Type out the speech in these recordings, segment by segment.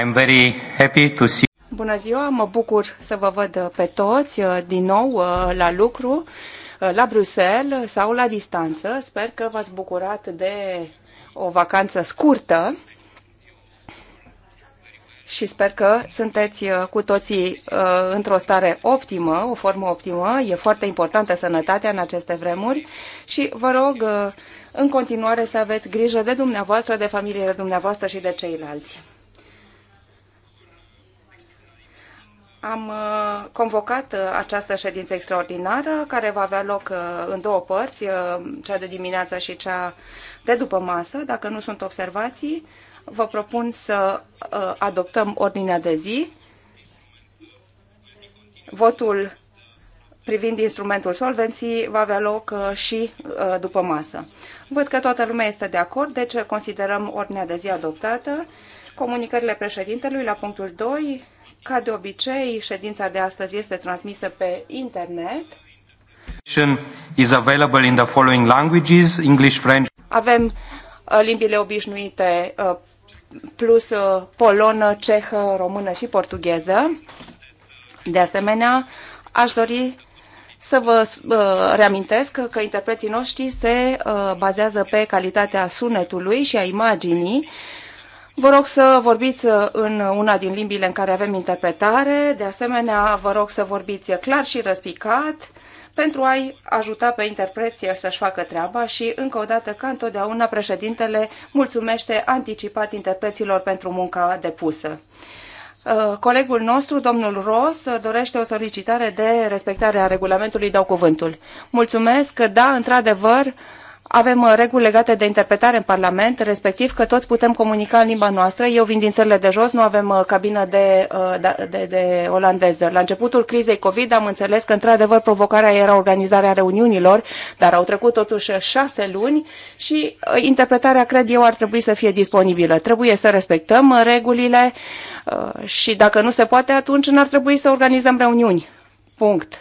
I'm very happy to see Bună ziua, mă bucur să vă văd uh, pe toți uh, din nou uh, la lucru, la Bruxelles sau la distanță. Sper că v-ați bucurat de o vacanță scurtă și sper că sunteți cu toții într-o stare optimă, o formă optimă. E foarte importantă sănătatea în aceste vremuri și vă rog în continuare să aveți grijă de dumneavoastră, de familiile dumneavoastră și de ceilalți. Am uh, convocat uh, această ședință extraordinară care va avea loc uh, în două părți, cea de dimineață și cea de după masă. Dacă nu sunt observații, vă propun să adoptăm ordinea de zi. Votul privind instrumentul solvenții va avea loc și după masă. Văd că toată lumea este de acord, deci considerăm ordinea de zi adoptată. Comunicările președintelui la punctul 2 ca de obicei, ședința de astăzi este transmisă pe internet. Is available in the following languages, English, French. Avem uh, limbile obișnuite uh, plus uh, polonă, cehă, română și portugheză. De asemenea, aș dori să vă uh, reamintesc că interpreții noștri se uh, bazează pe calitatea sunetului și a imaginii Vă rog să vorbiți uh, în una din limbile în care avem interpretare, de asemenea vă rog să vorbiți clar și răspicat pentru a-i ajuta pe interpreție să-și facă treaba și, încă o dată, ca întotdeauna, președintele mulțumește anticipat interpreților pentru munca depusă. Uh, colegul nostru, domnul Ros, uh, dorește o solicitare de respectare a regulamentului. Dau cuvântul. Mulțumesc. Da, într-adevăr, avem uh, reguli legate de interpretare în Parlament, respectiv că toți putem comunica în limba noastră. Eu vin din țările de jos, nu avem uh, cabină de, uh, da, de, de olandeză. La începutul crizei COVID am înțeles că, într-adevăr, provocarea era organizarea reuniunilor, dar au trecut totuși șase luni și interpretarea, cred eu, ar trebui să fie disponibilă. Trebuie să respectăm regulile și, dacă nu se poate, atunci n-ar trebui să organizăm reuniuni. Punct.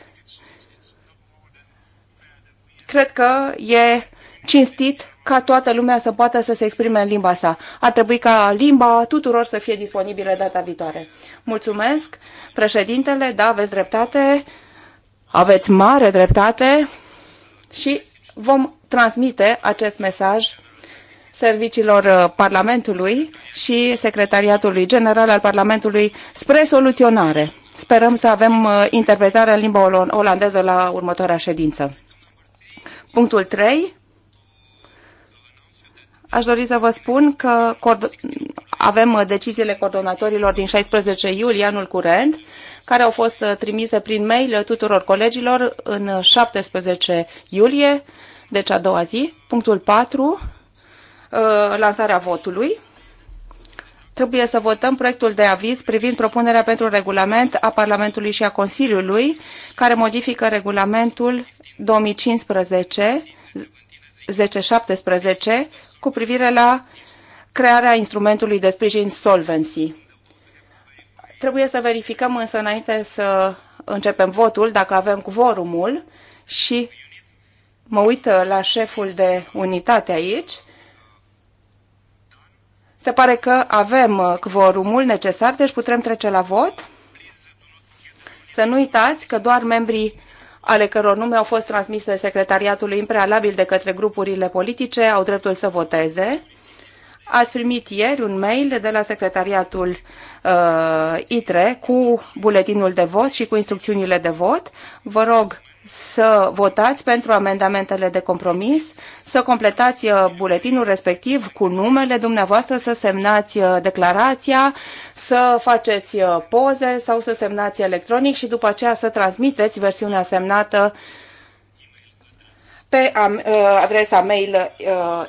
Cred că e cinstit ca toată lumea să poată să se exprime în limba sa. Ar trebui ca limba tuturor să fie disponibilă data viitoare. Mulțumesc, președintele, da, aveți dreptate, aveți mare dreptate și vom transmite acest mesaj serviciilor uh, Parlamentului și Secretariatului General al Parlamentului spre soluționare. Sperăm să avem uh, interpretarea în limba olandeză la următoarea ședință. Punctul 3 aș dori să vă spun că avem uh, deciziile coordonatorilor din 16 iulie anul curent, care au fost uh, trimise prin mail tuturor colegilor în 17 iulie, deci a doua zi. Punctul 4, uh, lansarea votului. Trebuie să votăm proiectul de aviz privind propunerea pentru regulament a Parlamentului și a Consiliului, care modifică regulamentul 2015 1017 cu privire la crearea instrumentului de sprijin Solvency. Trebuie să verificăm însă înainte să începem votul dacă avem cuvorumul și mă uit la șeful de unitate aici. Se pare că avem cuvorumul necesar, deci putem trece la vot. Să nu uitați că doar membrii ale căror nume au fost transmise secretariatului în prealabil de către grupurile politice, au dreptul să voteze. Ați primit ieri un mail de la secretariatul uh, ITRE cu buletinul de vot și cu instrucțiunile de vot. Vă rog să votați pentru amendamentele de compromis, să completați uh, buletinul respectiv cu numele dumneavoastră, să semnați uh, declarația, să faceți uh, poze sau să semnați electronic și după aceea să transmiteți versiunea semnată pe adresa mail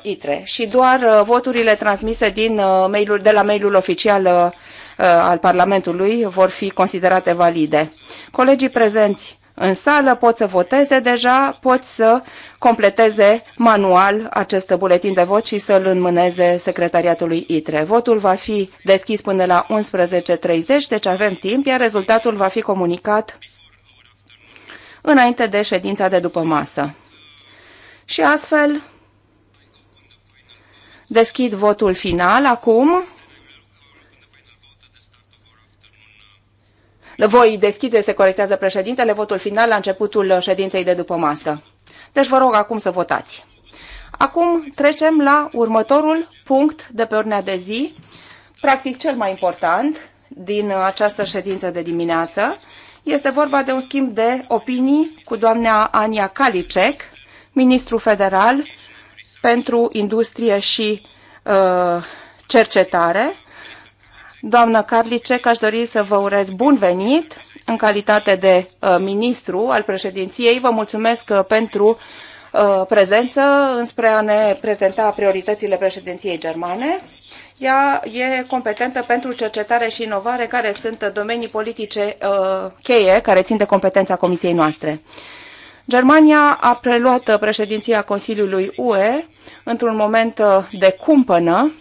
ITRE și doar voturile transmise din mail de la mailul oficial al Parlamentului vor fi considerate valide. Colegii prezenți în sală, pot să voteze deja, pot să completeze manual acest buletin de vot și să-l înmâneze secretariatului ITRE. Votul va fi deschis până la 11.30, deci avem timp, iar rezultatul va fi comunicat înainte de ședința de după masă. Și astfel, deschid votul final acum voi deschide, se corectează președintele, votul final la începutul ședinței de după masă. Deci vă rog acum să votați. Acum trecem la următorul punct de pe ordinea de zi, practic cel mai important din această ședință de dimineață. Este vorba de un schimb de opinii cu doamna Ania Kalicek, ministru federal pentru industrie și uh, cercetare, Doamnă Carlicec, aș dori să vă urez bun venit în calitate de uh, ministru al președinției. Vă mulțumesc uh, pentru uh, prezență înspre a ne prezenta prioritățile președinției germane. Ea e competentă pentru cercetare și inovare, care sunt domenii politice cheie, care țin de competența comisiei noastre. Germania a preluat președinția Consiliului UE într-un moment de cumpănă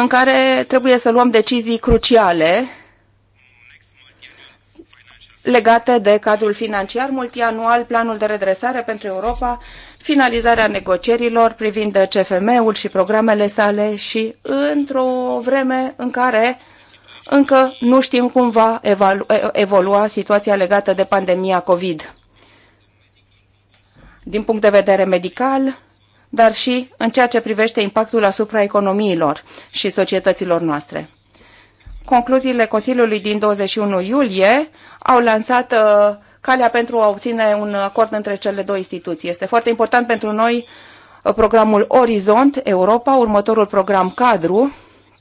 în care trebuie să luăm decizii cruciale legate de cadrul financiar multianual, planul de redresare pentru Europa, finalizarea negocierilor privind CFM-ul și programele sale și într-o vreme în care încă nu știm cum va evolua situația legată de pandemia COVID. Din punct de vedere medical, dar și în ceea ce privește impactul asupra economiilor și societăților noastre. Concluziile Consiliului din 21 iulie au lansat uh, calea pentru a obține un acord între cele două instituții. Este foarte important pentru noi uh, programul Orizont Europa, următorul program cadru,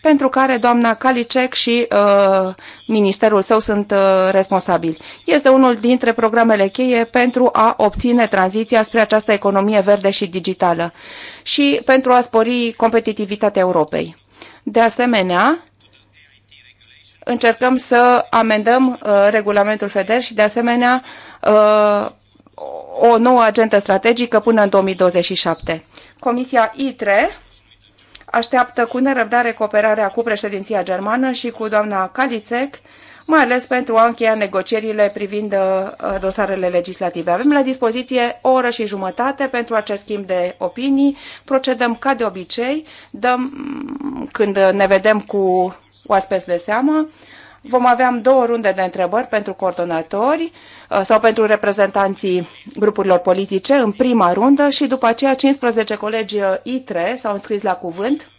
pentru care doamna Kalicek și uh, ministerul său sunt uh, responsabili. Este unul dintre programele cheie pentru a obține tranziția spre această economie verde și digitală și pentru a spori competitivitatea Europei. De asemenea, încercăm să amendăm uh, regulamentul FEDER și, de asemenea, uh, o nouă agentă strategică până în 2027. Comisia ITRE așteaptă cu nerăbdare cooperarea cu președinția germană și cu doamna Kalicek, mai ales pentru a încheia negocierile privind uh, dosarele legislative. Avem la dispoziție o oră și jumătate pentru acest schimb de opinii. Procedăm ca de obicei, dăm, mm, când ne vedem cu oaspeți de seamă, Vom avea două runde de întrebări pentru coordonatori uh, sau pentru reprezentanții grupurilor politice în prima rundă și după aceea 15 colegi uh, ITRE s-au înscris la cuvânt.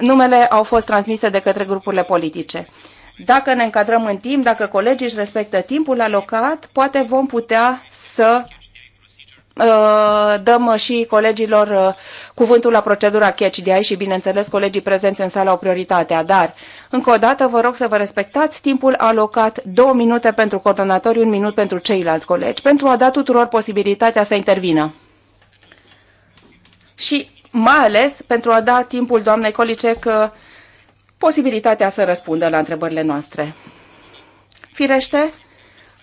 Numele au fost transmise de către grupurile politice. Dacă ne încadrăm în timp, dacă colegii își respectă timpul alocat, poate vom putea să Uh, dăm și colegilor uh, cuvântul la procedura catch de aici și, bineînțeles, colegii prezenți în sală au prioritatea, dar, încă o dată, vă rog să vă respectați timpul alocat, două minute pentru coordonatori, un minut pentru ceilalți colegi, pentru a da tuturor posibilitatea să intervină. Și, mai ales, pentru a da timpul doamnei Colicec uh, posibilitatea să răspundă la întrebările noastre. Firește,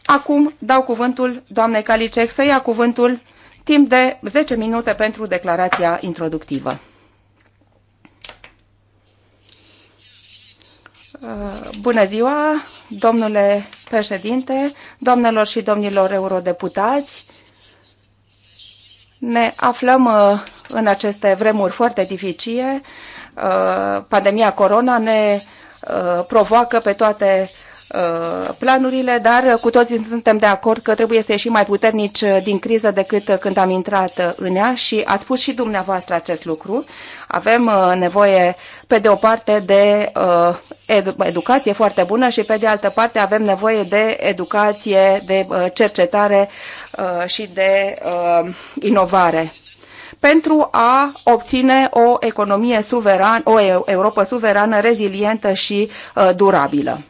acum dau cuvântul doamnei Calicec să ia cuvântul timp de 10 minute pentru declarația introductivă. Uh, bună ziua, domnule președinte, domnilor și domnilor eurodeputați. Ne aflăm uh, în aceste vremuri foarte dificile. Uh, pandemia corona ne provoacă pe toate Uh, planurile, dar uh, cu toții suntem de acord că trebuie să ieșim mai puternici uh, din criză decât când am intrat în ea și ați spus și dumneavoastră acest lucru. Avem nevoie, pe de o parte, de educație foarte bună și, pe de altă parte, avem nevoie de educație, de cercetare și de inovare pentru a obține o economie suverană, o Europa suverană, rezilientă și durabilă.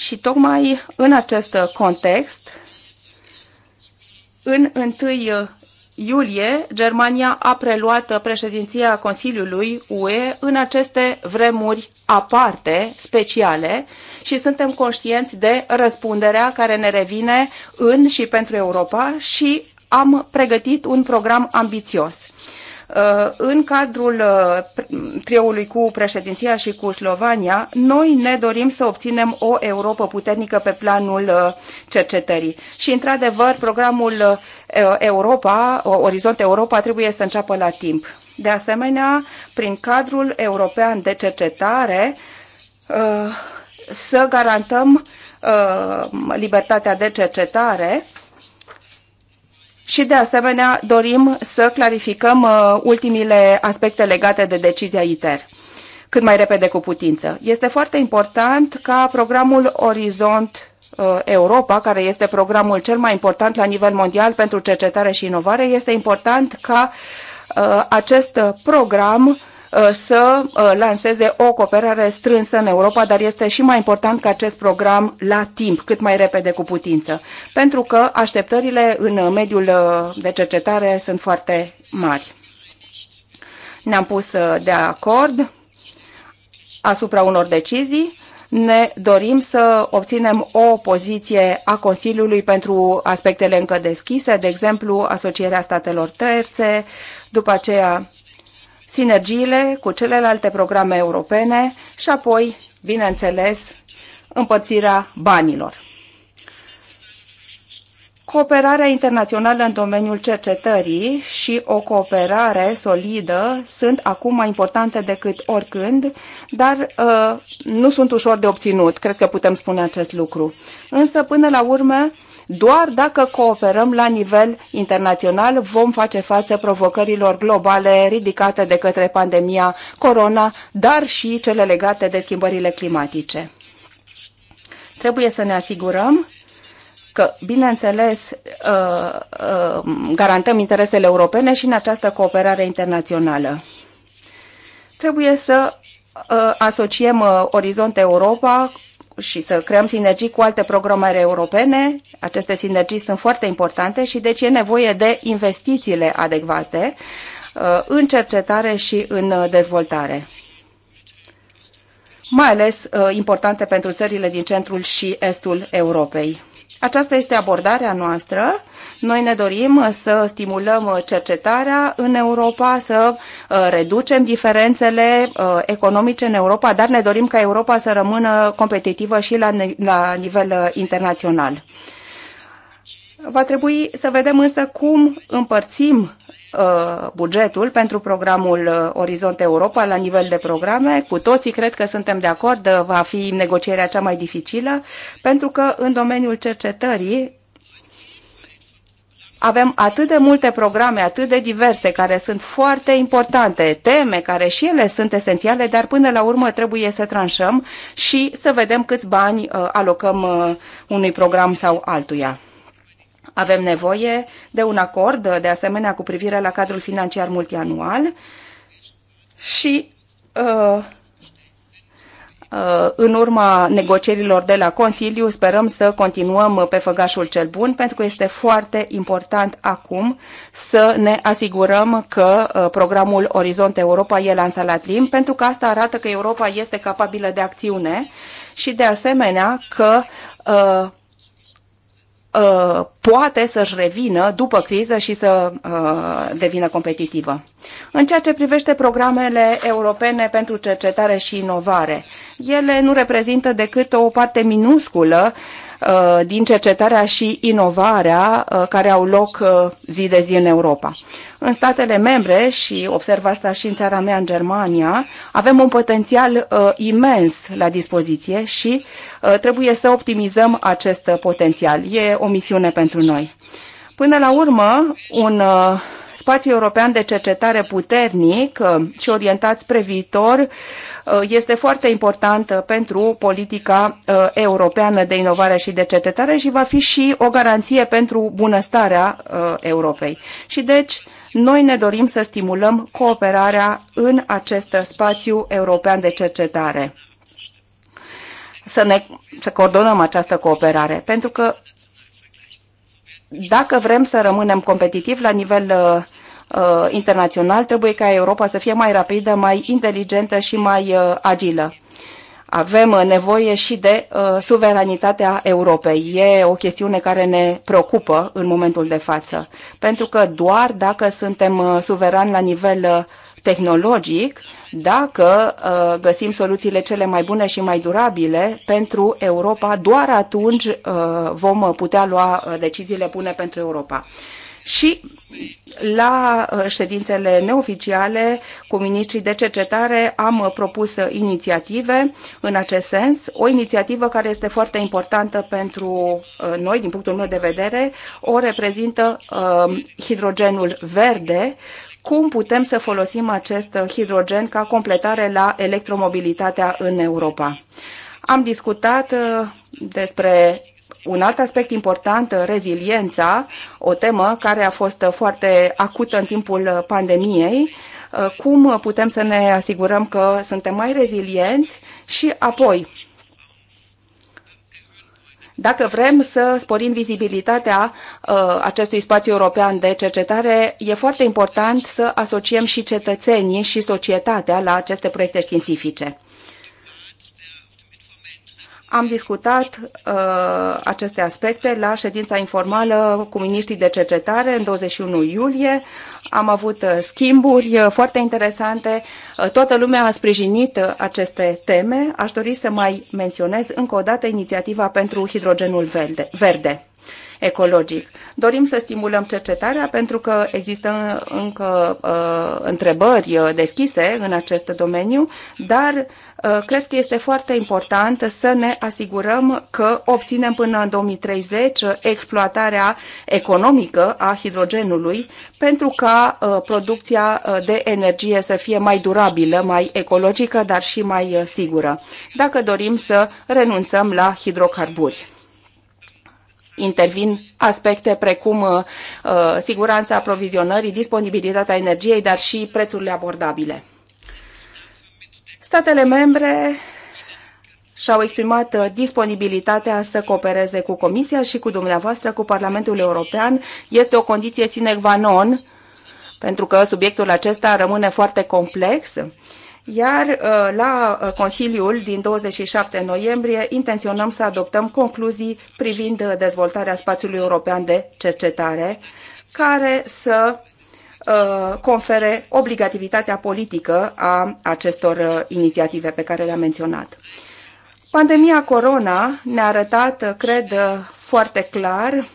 Și tocmai în acest context, în 1 iulie, Germania a preluat președinția Consiliului UE în aceste vremuri aparte, speciale, și suntem conștienți de răspunderea care ne revine în și pentru Europa și am pregătit un program ambițios Uh, în cadrul uh, trioului cu președinția și cu Slovania, noi ne dorim să obținem o Europa puternică pe planul uh, cercetării. Și, într-adevăr, programul Europa, Orizont Europa, trebuie să înceapă la timp. De asemenea, prin cadrul european de cercetare, să garantăm libertatea de cercetare și de asemenea dorim să clarificăm uh, ultimile aspecte legate de decizia ITER cât mai repede cu putință. Este foarte important ca programul Orizont uh, Europa, care este programul cel mai important la nivel mondial pentru cercetare și inovare, este important ca uh, acest program Uh, să uh, lanseze o cooperare strânsă în Europa, dar este și mai important ca acest program la timp, cât mai repede cu putință, pentru că așteptările în mediul uh, de cercetare sunt foarte mari. Ne-am pus de acord asupra unor decizii ne dorim să obținem o poziție a Consiliului pentru aspectele încă deschise, de exemplu, asocierea statelor terțe, după aceea sinergiile cu celelalte programe europene și apoi, bineînțeles, împărțirea banilor. Cooperarea internațională în domeniul cercetării și o cooperare solidă sunt acum mai importante decât oricând, dar uh, nu sunt ușor de obținut, cred că putem spune acest lucru. Însă, până la urmă, uh, doar dacă cooperăm la nivel internațional vom face față provocărilor globale ridicate de către pandemia corona, dar și cele legate de schimbările climatice. Trebuie să ne asigurăm că, bineînțeles, uh, uh, garantăm interesele europene și în această cooperare internațională. Trebuie să uh, asociem Orizont Europa și să creăm sinergii cu alte programe europene. Aceste sinergii sunt foarte importante și deci e nevoie de investițiile adecvate uh, în cercetare și în uh, dezvoltare mai ales uh, importante pentru țările din centrul și estul Europei. Aceasta este abordarea noastră noi ne dorim uh, să stimulăm uh, cercetarea în Europa, să uh, reducem diferențele economice în Europa, dar ne dorim ca Europa să rămână competitivă și la, la nivel internațional. Va trebui să vedem însă cum împărțim bugetul pentru programul Orizont Europa la nivel de programe. Cu toții cred că suntem de acord, va fi negocierea cea mai dificilă, pentru că în domeniul cercetării avem atât de multe programe, atât de diverse, care sunt foarte importante, teme care și ele sunt esențiale, dar până la urmă trebuie să tranșăm și să vedem câți bani uh, alocăm uh, unui program sau altuia. Avem nevoie de un acord, uh, de asemenea, cu privire la cadrul financiar multianual și uh, Uh, în urma negocierilor de la Consiliu sperăm să continuăm pe făgașul cel bun, pentru că este foarte important acum să ne asigurăm că uh, programul Orizont Europa e lansat la timp, pentru că asta arată că Europa este capabilă de acțiune și de asemenea că uh, uh, poate să-și revină după criză și să uh, devină competitivă. În ceea ce privește programele europene pentru cercetare și inovare, ele nu reprezintă decât o parte minusculă uh, Uh, din cercetarea și inovarea uh, care au loc uh, zi de zi în Europa. În statele membre, și observ asta și în țara mea, în Germania, avem un potențial imens la dispoziție și trebuie să optimizăm acest potențial. E o misiune pentru noi. Până la urmă, un spațiu european de cercetare puternic uh, și orientat spre viitor uh, este foarte important uh, pentru politica europeană de inovare și de cercetare și va fi și o garanție pentru bunăstarea Europei. Și deci, noi ne dorim să stimulăm cooperarea în acest spațiu european de cercetare. Să, ne, să coordonăm această cooperare, pentru că dacă vrem să rămânem competitivi la nivel uh, uh, internațional, trebuie ca Europa să fie mai rapidă, mai inteligentă și mai uh, agilă. Avem uh, nevoie și de uh, suveranitatea Europei. E o chestiune care ne preocupă în momentul de față, pentru că doar dacă suntem uh, suverani la nivel uh, tehnologic dacă uh, găsim soluțiile cele mai bune și mai durabile pentru Europa, doar atunci uh, vom putea lua uh, deciziile bune pentru Europa. Și la uh, ședințele neoficiale cu ministrii de cercetare am uh, propus inițiative în acest sens, o inițiativă care este foarte importantă pentru noi, din punctul meu de vedere, o reprezintă uh, hidrogenul verde, cum putem să folosim acest hidrogen ca completare la electromobilitatea în Europa. Am discutat uh, despre un alt aspect important, uh, reziliența, o temă care a fost uh, foarte acută în timpul pandemiei. Cum putem să ne asigurăm că suntem mai rezilienți și apoi dacă vrem să sporim vizibilitatea uh, acestui spațiu european de cercetare, e foarte important să asociem și cetățenii și societatea la aceste proiecte științifice. Am discutat uh, aceste aspecte la ședința informală cu miniștrii de cercetare în 21 iulie. Am avut uh, schimburi uh, foarte interesante. Uh, toată lumea a sprijinit aceste teme. Aș dori să mai menționez încă o dată inițiativa pentru hidrogenul verde. verde ecologic. Dorim să stimulăm cercetarea pentru că există încă uh, întrebări deschise în acest domeniu, dar Uh, cred că este foarte important să ne asigurăm că obținem până în 2030 uh, exploatarea economică a hidrogenului pentru ca uh, producția de energie să fie mai durabilă, mai ecologică, dar și mai sigură, dacă dorim să renunțăm la hidrocarburi intervin aspecte precum uh, siguranța aprovizionării, disponibilitatea energiei, dar și prețurile abordabile. Statele membre și-au exprimat uh, disponibilitatea să coopereze cu Comisia și cu dumneavoastră, cu Parlamentul European. Este o condiție sine qua non, pentru că subiectul acesta rămâne foarte complex. Iar uh, la uh, Consiliul din 27 noiembrie intenționăm să adoptăm concluzii privind dezvoltarea spațiului european de cercetare, care să Uh, confere obligativitatea politică a acestor uh, inițiative pe care le-am menționat. Pandemia corona ne-a arătat, uh, cred, foarte clar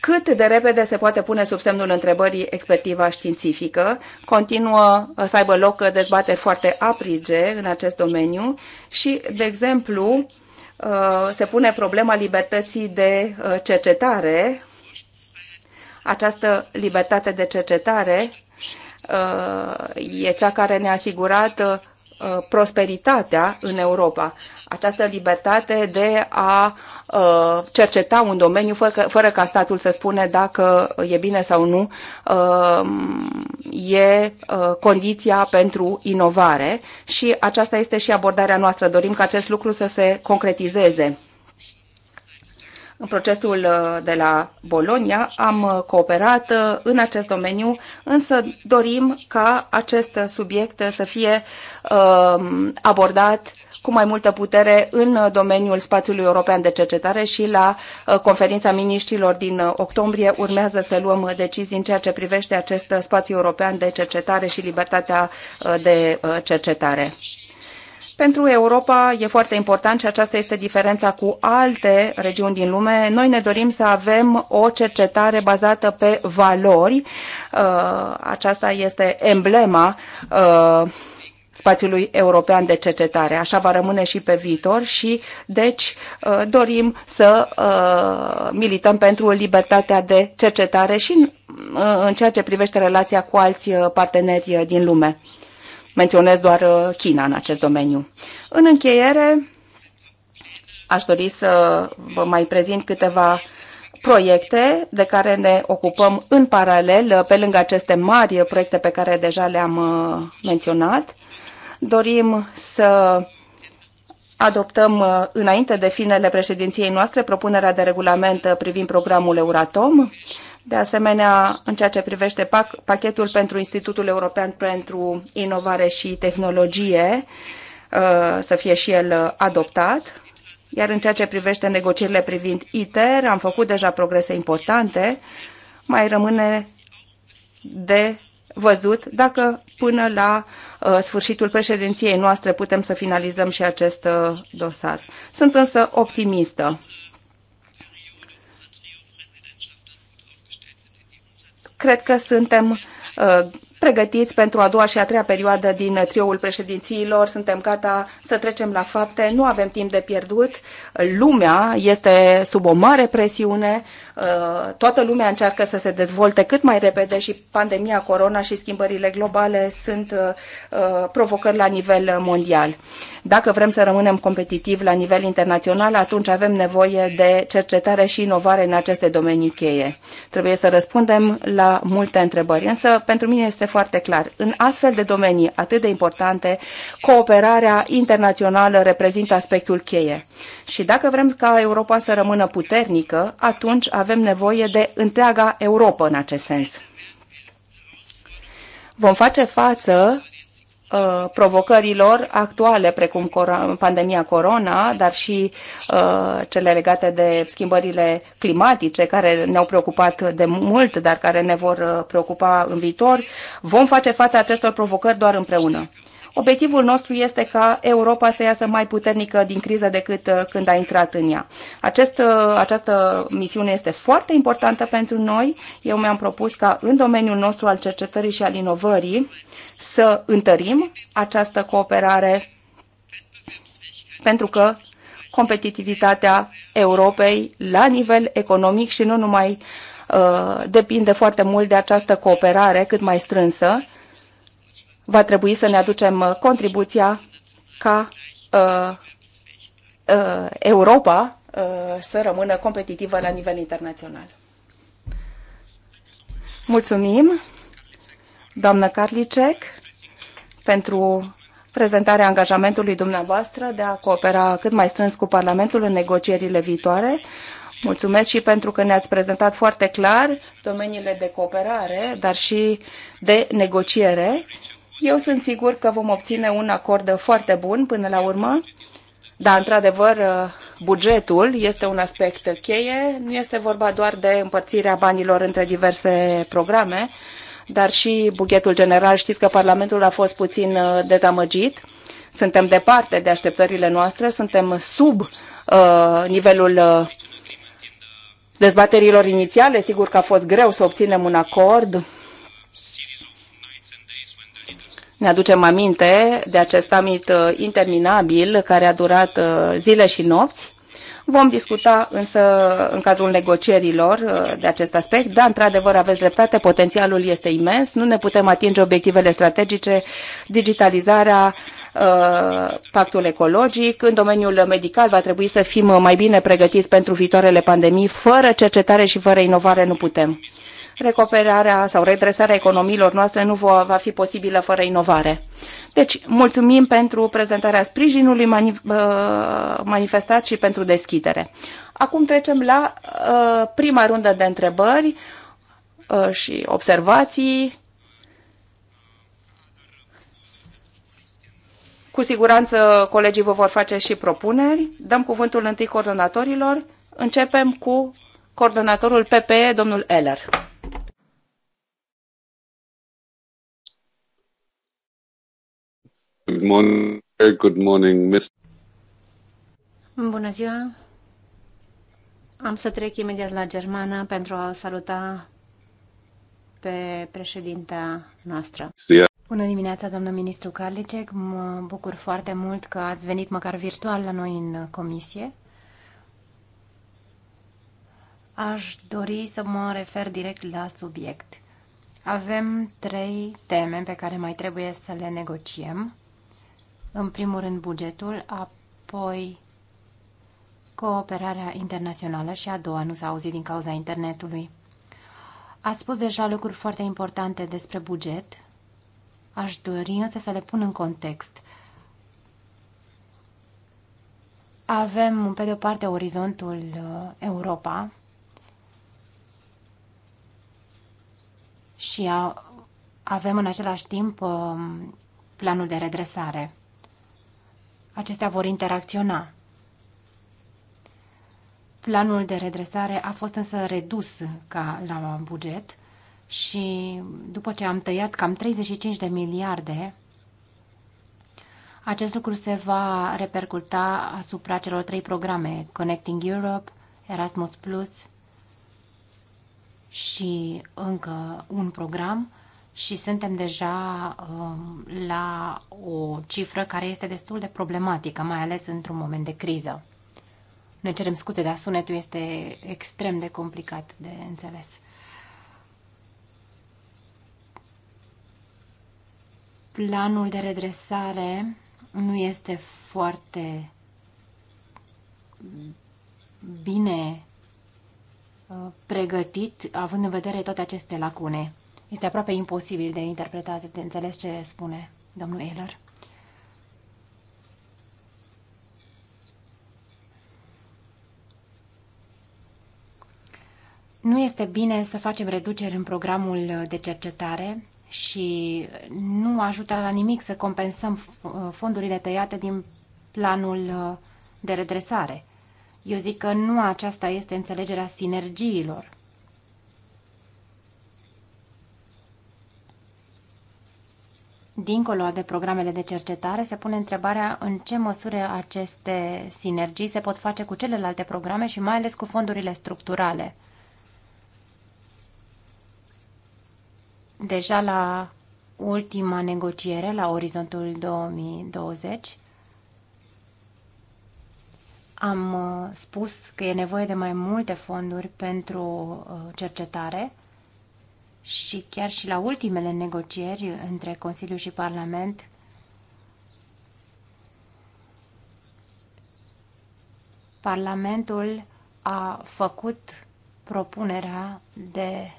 cât de repede se poate pune sub semnul întrebării expertiva științifică. Continuă să aibă loc dezbateri foarte aprige în acest domeniu și, de exemplu, se pune problema libertății de cercetare această libertate de cercetare uh, e cea care ne-a asigurat uh, prosperitatea în Europa. Această libertate de a uh, cerceta un domeniu fără, ca statul să spune dacă e bine sau nu, e condiția pentru inovare și aceasta este și abordarea noastră. Dorim ca acest lucru să se concretizeze în procesul uh, de la Bolonia am uh, cooperat uh, în acest domeniu, însă dorim ca acest subiect să fie um, abordat cu mai multă putere în domeniul spațiului european de cercetare și la conferința miniștrilor din octombrie urmează să luăm decizii în ceea ce privește acest spațiu european de cercetare și libertatea de cercetare. Pentru Europa e foarte important și aceasta este diferența cu alte regiuni din lume. Noi ne dorim să avem o cercetare bazată pe valori. Uh, aceasta este emblema uh, spațiului european de cercetare. Așa va rămâne și pe viitor și, deci, uh, dorim să milităm pentru libertatea de cercetare și în ceea ce privește relația cu alți parteneri din lume menționez doar uh, China în acest domeniu. În încheiere, aș dori să vă mai prezint câteva proiecte de care ne ocupăm în paralel, uh, pe lângă aceste mari proiecte pe care deja le-am uh, menționat. Dorim să adoptăm înainte de finele președinției noastre propunerea de regulament privind programul Euratom. De asemenea, în ceea ce privește PAC, pachetul pentru Institutul European pentru Inovare și Tehnologie, uh, să fie și el adoptat. Iar în ceea ce privește negocierile privind ITER, am făcut deja progrese importante. Mai rămâne de văzut dacă până la uh, sfârșitul președinției noastre putem să finalizăm și acest uh, dosar. Sunt însă optimistă cred că suntem uh, pregătiți pentru a doua și a treia perioadă din trioul președințiilor, suntem gata să trecem la fapte, nu avem timp de pierdut, lumea este sub o mare presiune, uh, toată lumea încearcă să se dezvolte cât mai repede și pandemia corona și schimbările globale sunt uh, provocări la nivel mondial. Dacă vrem să rămânem competitivi la nivel internațional, atunci avem nevoie de cercetare și inovare în aceste domenii cheie. Trebuie să răspundem la multe întrebări, însă pentru mine este foarte clar. În astfel de domenii atât de importante, cooperarea internațională reprezintă aspectul cheie. Și dacă vrem ca Europa să rămână puternică, atunci avem nevoie de întreaga Europa în acest sens. Vom face față Uh, provocărilor actuale, precum pandemia corona, dar și uh, cele legate de schimbările climatice, care ne-au preocupat de mult, dar care ne vor uh, preocupa în viitor, vom face față acestor provocări doar împreună. Obiectivul nostru este ca Europa să iasă mai puternică din criză decât uh, când a intrat în ea. Acest, uh, această misiune este foarte importantă pentru noi. Eu mi-am propus ca în domeniul nostru al cercetării și al inovării să întărim această cooperare pentru că competitivitatea Europei la nivel economic și nu numai uh, depinde foarte mult de această cooperare cât mai strânsă va trebui să ne aducem uh, contribuția ca uh, uh, Europa să rămână competitivă la nivel internațional. Mulțumim, doamnă Carlicek, pentru prezentarea angajamentului dumneavoastră de a coopera cât mai strâns cu Parlamentul în negocierile viitoare. Mulțumesc și pentru că ne-ați prezentat foarte clar domeniile de cooperare, dar și de negociere eu sunt sigur că vom obține un acord foarte bun până la urmă. dar într-adevăr, bugetul este un aspect cheie. Nu este vorba doar de împărțirea banilor între diverse programe, dar și bugetul general. Știți că Parlamentul a fost puțin uh, dezamăgit. Suntem departe de așteptările noastre, suntem sub uh, nivelul uh, dezbaterilor inițiale. Sigur că a fost greu să obținem un acord. Ne aducem aminte de acest summit uh, interminabil care a durat uh, zile și nopți. Vom discuta însă în cadrul negocierilor uh, de acest aspect. Da, într-adevăr, aveți dreptate, potențialul este imens, nu ne putem atinge obiectivele strategice, digitalizarea, pactul ecologic. În domeniul medical va trebui să fim mai bine pregătiți pentru viitoarele pandemii. Fără cercetare și fără inovare nu putem recuperarea sau redresarea economiilor noastre nu va fi posibilă fără inovare. Deci, mulțumim pentru prezentarea sprijinului manif uh, manifestat și pentru deschidere. Acum trecem la uh, prima rundă de întrebări uh, și observații. Cu siguranță colegii vă vor face și propuneri. Dăm cuvântul întâi coordonatorilor. Începem cu coordonatorul PPE, domnul Eller. Good morning, good morning, Miss. Bună ziua! Am să trec imediat la germană pentru a saluta pe președinta noastră. Ziua. Bună dimineața, domnul ministru Carlicek. Mă bucur foarte mult că ați venit măcar virtual la noi în comisie. Aș dori să mă refer direct la subiect. Avem trei teme pe care mai trebuie să le negociem în primul rând bugetul, apoi cooperarea internațională și a doua nu s-a auzit din cauza internetului. Ați spus deja lucruri foarte importante despre buget. Aș dori însă să le pun în context. Avem, pe de o parte, orizontul uh, Europa și avem în același timp um, planul de redresare acestea vor interacționa. Planul de redresare a fost însă redus ca la buget și după ce am tăiat cam 35 de miliarde, acest lucru se va repercuta asupra celor trei programe, Connecting Europe, Erasmus Plus și încă un program, și suntem deja um, la o cifră care este destul de problematică, mai ales într-un moment de criză. Ne cerem scuze, dar sunetul este extrem de complicat de înțeles. Planul de redresare nu este foarte bine uh, pregătit, având în vedere toate aceste lacune. Este aproape imposibil de interpretat, de înțeles ce spune domnul Eller. Nu este bine să facem reduceri în programul de cercetare și nu ajută la nimic să compensăm uh, fondurile tăiate din planul uh, de redresare. Eu zic că nu aceasta este înțelegerea sinergiilor. Dincolo de programele de cercetare, se pune întrebarea în ce măsură aceste sinergii se pot face cu celelalte programe și mai ales cu fondurile structurale. Deja la ultima negociere, la orizontul 2020, am uh, spus că e nevoie de mai multe fonduri pentru uh, cercetare și chiar și la ultimele negocieri între Consiliu și Parlament, Parlamentul a făcut propunerea de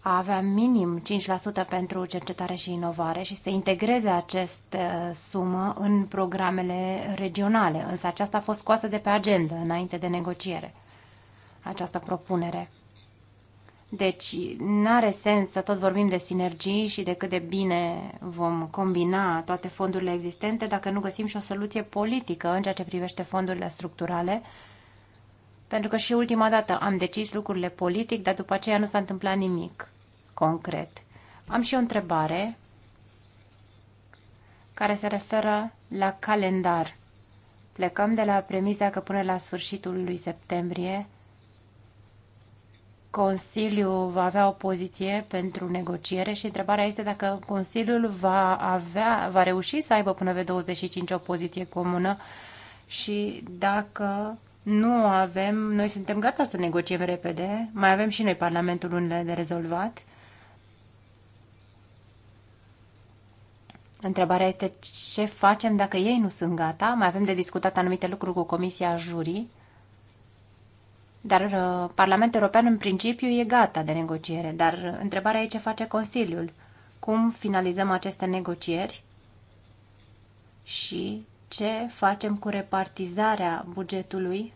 a avea minim 5% pentru cercetare și inovare și să integreze această sumă în programele regionale. Însă aceasta a fost scoasă de pe agenda înainte de negociere, această propunere. Deci, n-are sens să tot vorbim de sinergii și de cât de bine vom combina toate fondurile existente dacă nu găsim și o soluție politică în ceea ce privește fondurile structurale, pentru că și ultima dată am decis lucrurile politic, dar după aceea nu s-a întâmplat nimic concret. Am și o întrebare care se referă la calendar. Plecăm de la premisa că până la sfârșitul lui septembrie Consiliul va avea o poziție pentru negociere și întrebarea este dacă Consiliul va, avea, va reuși să aibă până pe 25 o poziție comună și dacă nu avem, noi suntem gata să negociem repede, mai avem și noi Parlamentul unele de rezolvat. Întrebarea este ce facem dacă ei nu sunt gata, mai avem de discutat anumite lucruri cu Comisia Jurii dar uh, Parlamentul European în principiu e gata de negociere, dar întrebarea e ce face Consiliul. Cum finalizăm aceste negocieri și ce facem cu repartizarea bugetului?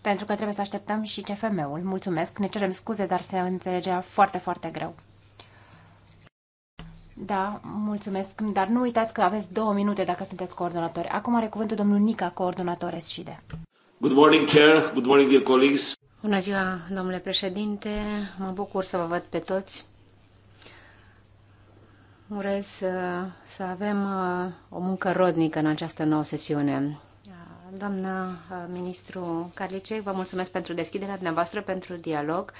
Pentru că trebuie să așteptăm și CFM-ul. Mulțumesc, ne cerem scuze, dar se înțelegea foarte, foarte greu. Da, mulțumesc, dar nu uitați că aveți două minute dacă sunteți coordonatori. Acum are cuvântul domnul Nica, coordonator SCD. Good morning, Chair. Good morning, dear colleagues. Bună ziua, domnule președinte. Mă bucur să vă văd pe toți. Urez uh, să avem uh, o muncă rodnică în această nouă sesiune doamna uh, ministru Carlicei, vă mulțumesc pentru deschiderea dumneavoastră, pentru dialog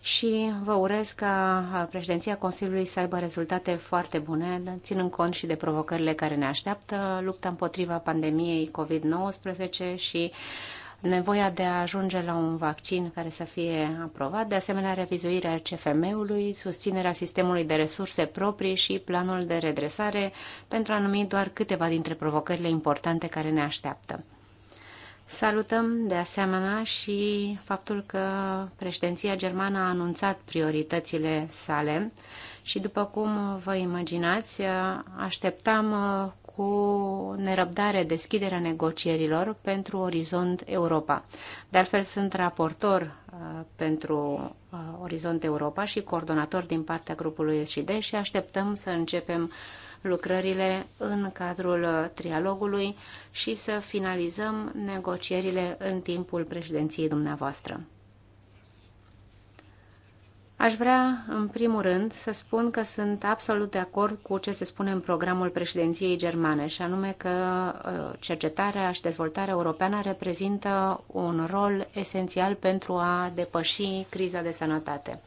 și vă urez ca uh, președinția Consiliului să aibă rezultate foarte bune, ținând cont și de provocările care ne așteaptă, lupta împotriva pandemiei COVID-19 și nevoia de a ajunge la un vaccin care să fie aprobat, de asemenea revizuirea CFM-ului, susținerea sistemului de resurse proprii și planul de redresare pentru a numi doar câteva dintre provocările importante care ne așteaptă. Salutăm de asemenea și faptul că președinția germană a anunțat prioritățile sale și după cum vă imaginați, așteptam cu nerăbdare deschiderea negocierilor pentru Orizont Europa. De altfel, sunt raportor uh, pentru uh, Orizont Europa și coordonator din partea grupului SID și așteptăm să începem lucrările în cadrul uh, trialogului și să finalizăm negocierile în timpul președinției dumneavoastră. Aș vrea, în primul rând, să spun că sunt absolut de acord cu ce se spune în programul președinției germane, și anume că uh, cercetarea și dezvoltarea europeană reprezintă un rol esențial pentru a depăși criza de sănătate.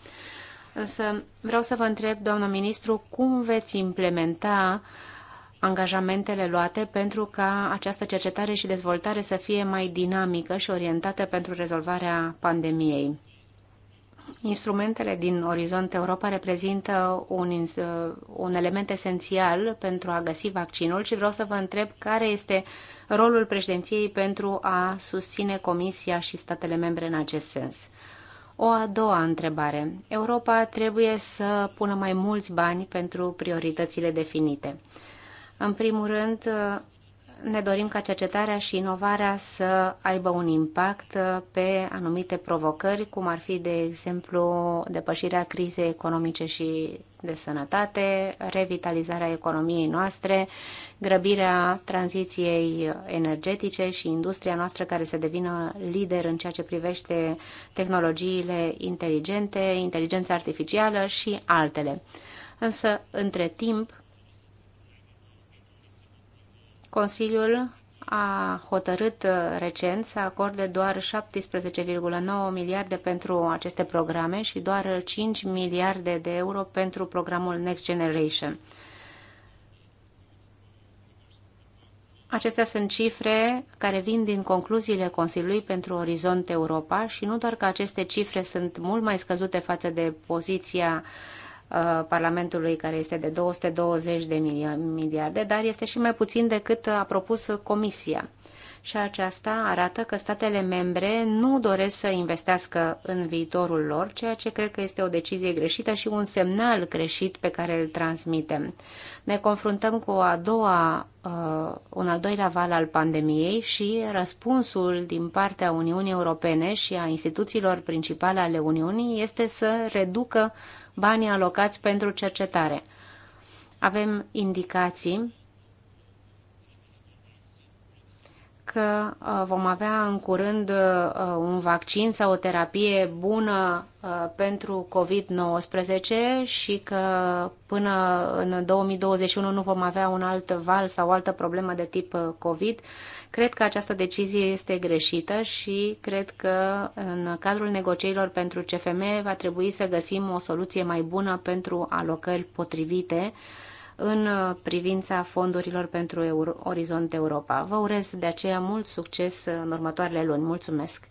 Însă vreau să vă întreb, doamnă ministru, cum veți implementa angajamentele luate pentru ca această cercetare și dezvoltare să fie mai dinamică și orientată pentru rezolvarea pandemiei. Instrumentele din Orizont Europa reprezintă un, un element esențial pentru a găsi vaccinul și vreau să vă întreb care este rolul președinției pentru a susține Comisia și statele membre în acest sens. O a doua întrebare. Europa trebuie să pună mai mulți bani pentru prioritățile definite. În primul rând, ne dorim ca cercetarea și inovarea să aibă un impact pe anumite provocări, cum ar fi, de exemplu, depășirea crizei economice și de sănătate, revitalizarea economiei noastre, grăbirea tranziției energetice și industria noastră care să devină lider în ceea ce privește tehnologiile inteligente, inteligența artificială și altele. Însă, între timp, Consiliul a hotărât uh, recent să acorde doar 17,9 miliarde pentru aceste programe și doar 5 miliarde de euro pentru programul Next Generation. Acestea sunt cifre care vin din concluziile Consiliului pentru Orizont Europa și nu doar că aceste cifre sunt mult mai scăzute față de poziția uh, Uh, Parlamentului, care este de 220 de miliarde, dar este și mai puțin decât uh, a propus Comisia. Și aceasta arată că statele membre nu doresc să investească în viitorul lor, ceea ce cred că este o decizie greșită și un semnal greșit pe care îl transmitem. Ne confruntăm cu a doua, uh, un al doilea val al pandemiei și răspunsul din partea Uniunii Europene și a instituțiilor principale ale Uniunii este să reducă banii alocați pentru cercetare. Avem indicații că uh, vom avea în curând uh, uh, un vaccin sau o terapie bună pentru COVID-19 și că până în 2021 nu vom avea un alt val sau o altă problemă de tip COVID Cred că această decizie este greșită și cred că în cadrul negocierilor pentru CFM va trebui să găsim o soluție mai bună pentru alocări potrivite în privința fondurilor pentru Euro Orizont Europa. Vă urez de aceea mult succes în următoarele luni. Mulțumesc!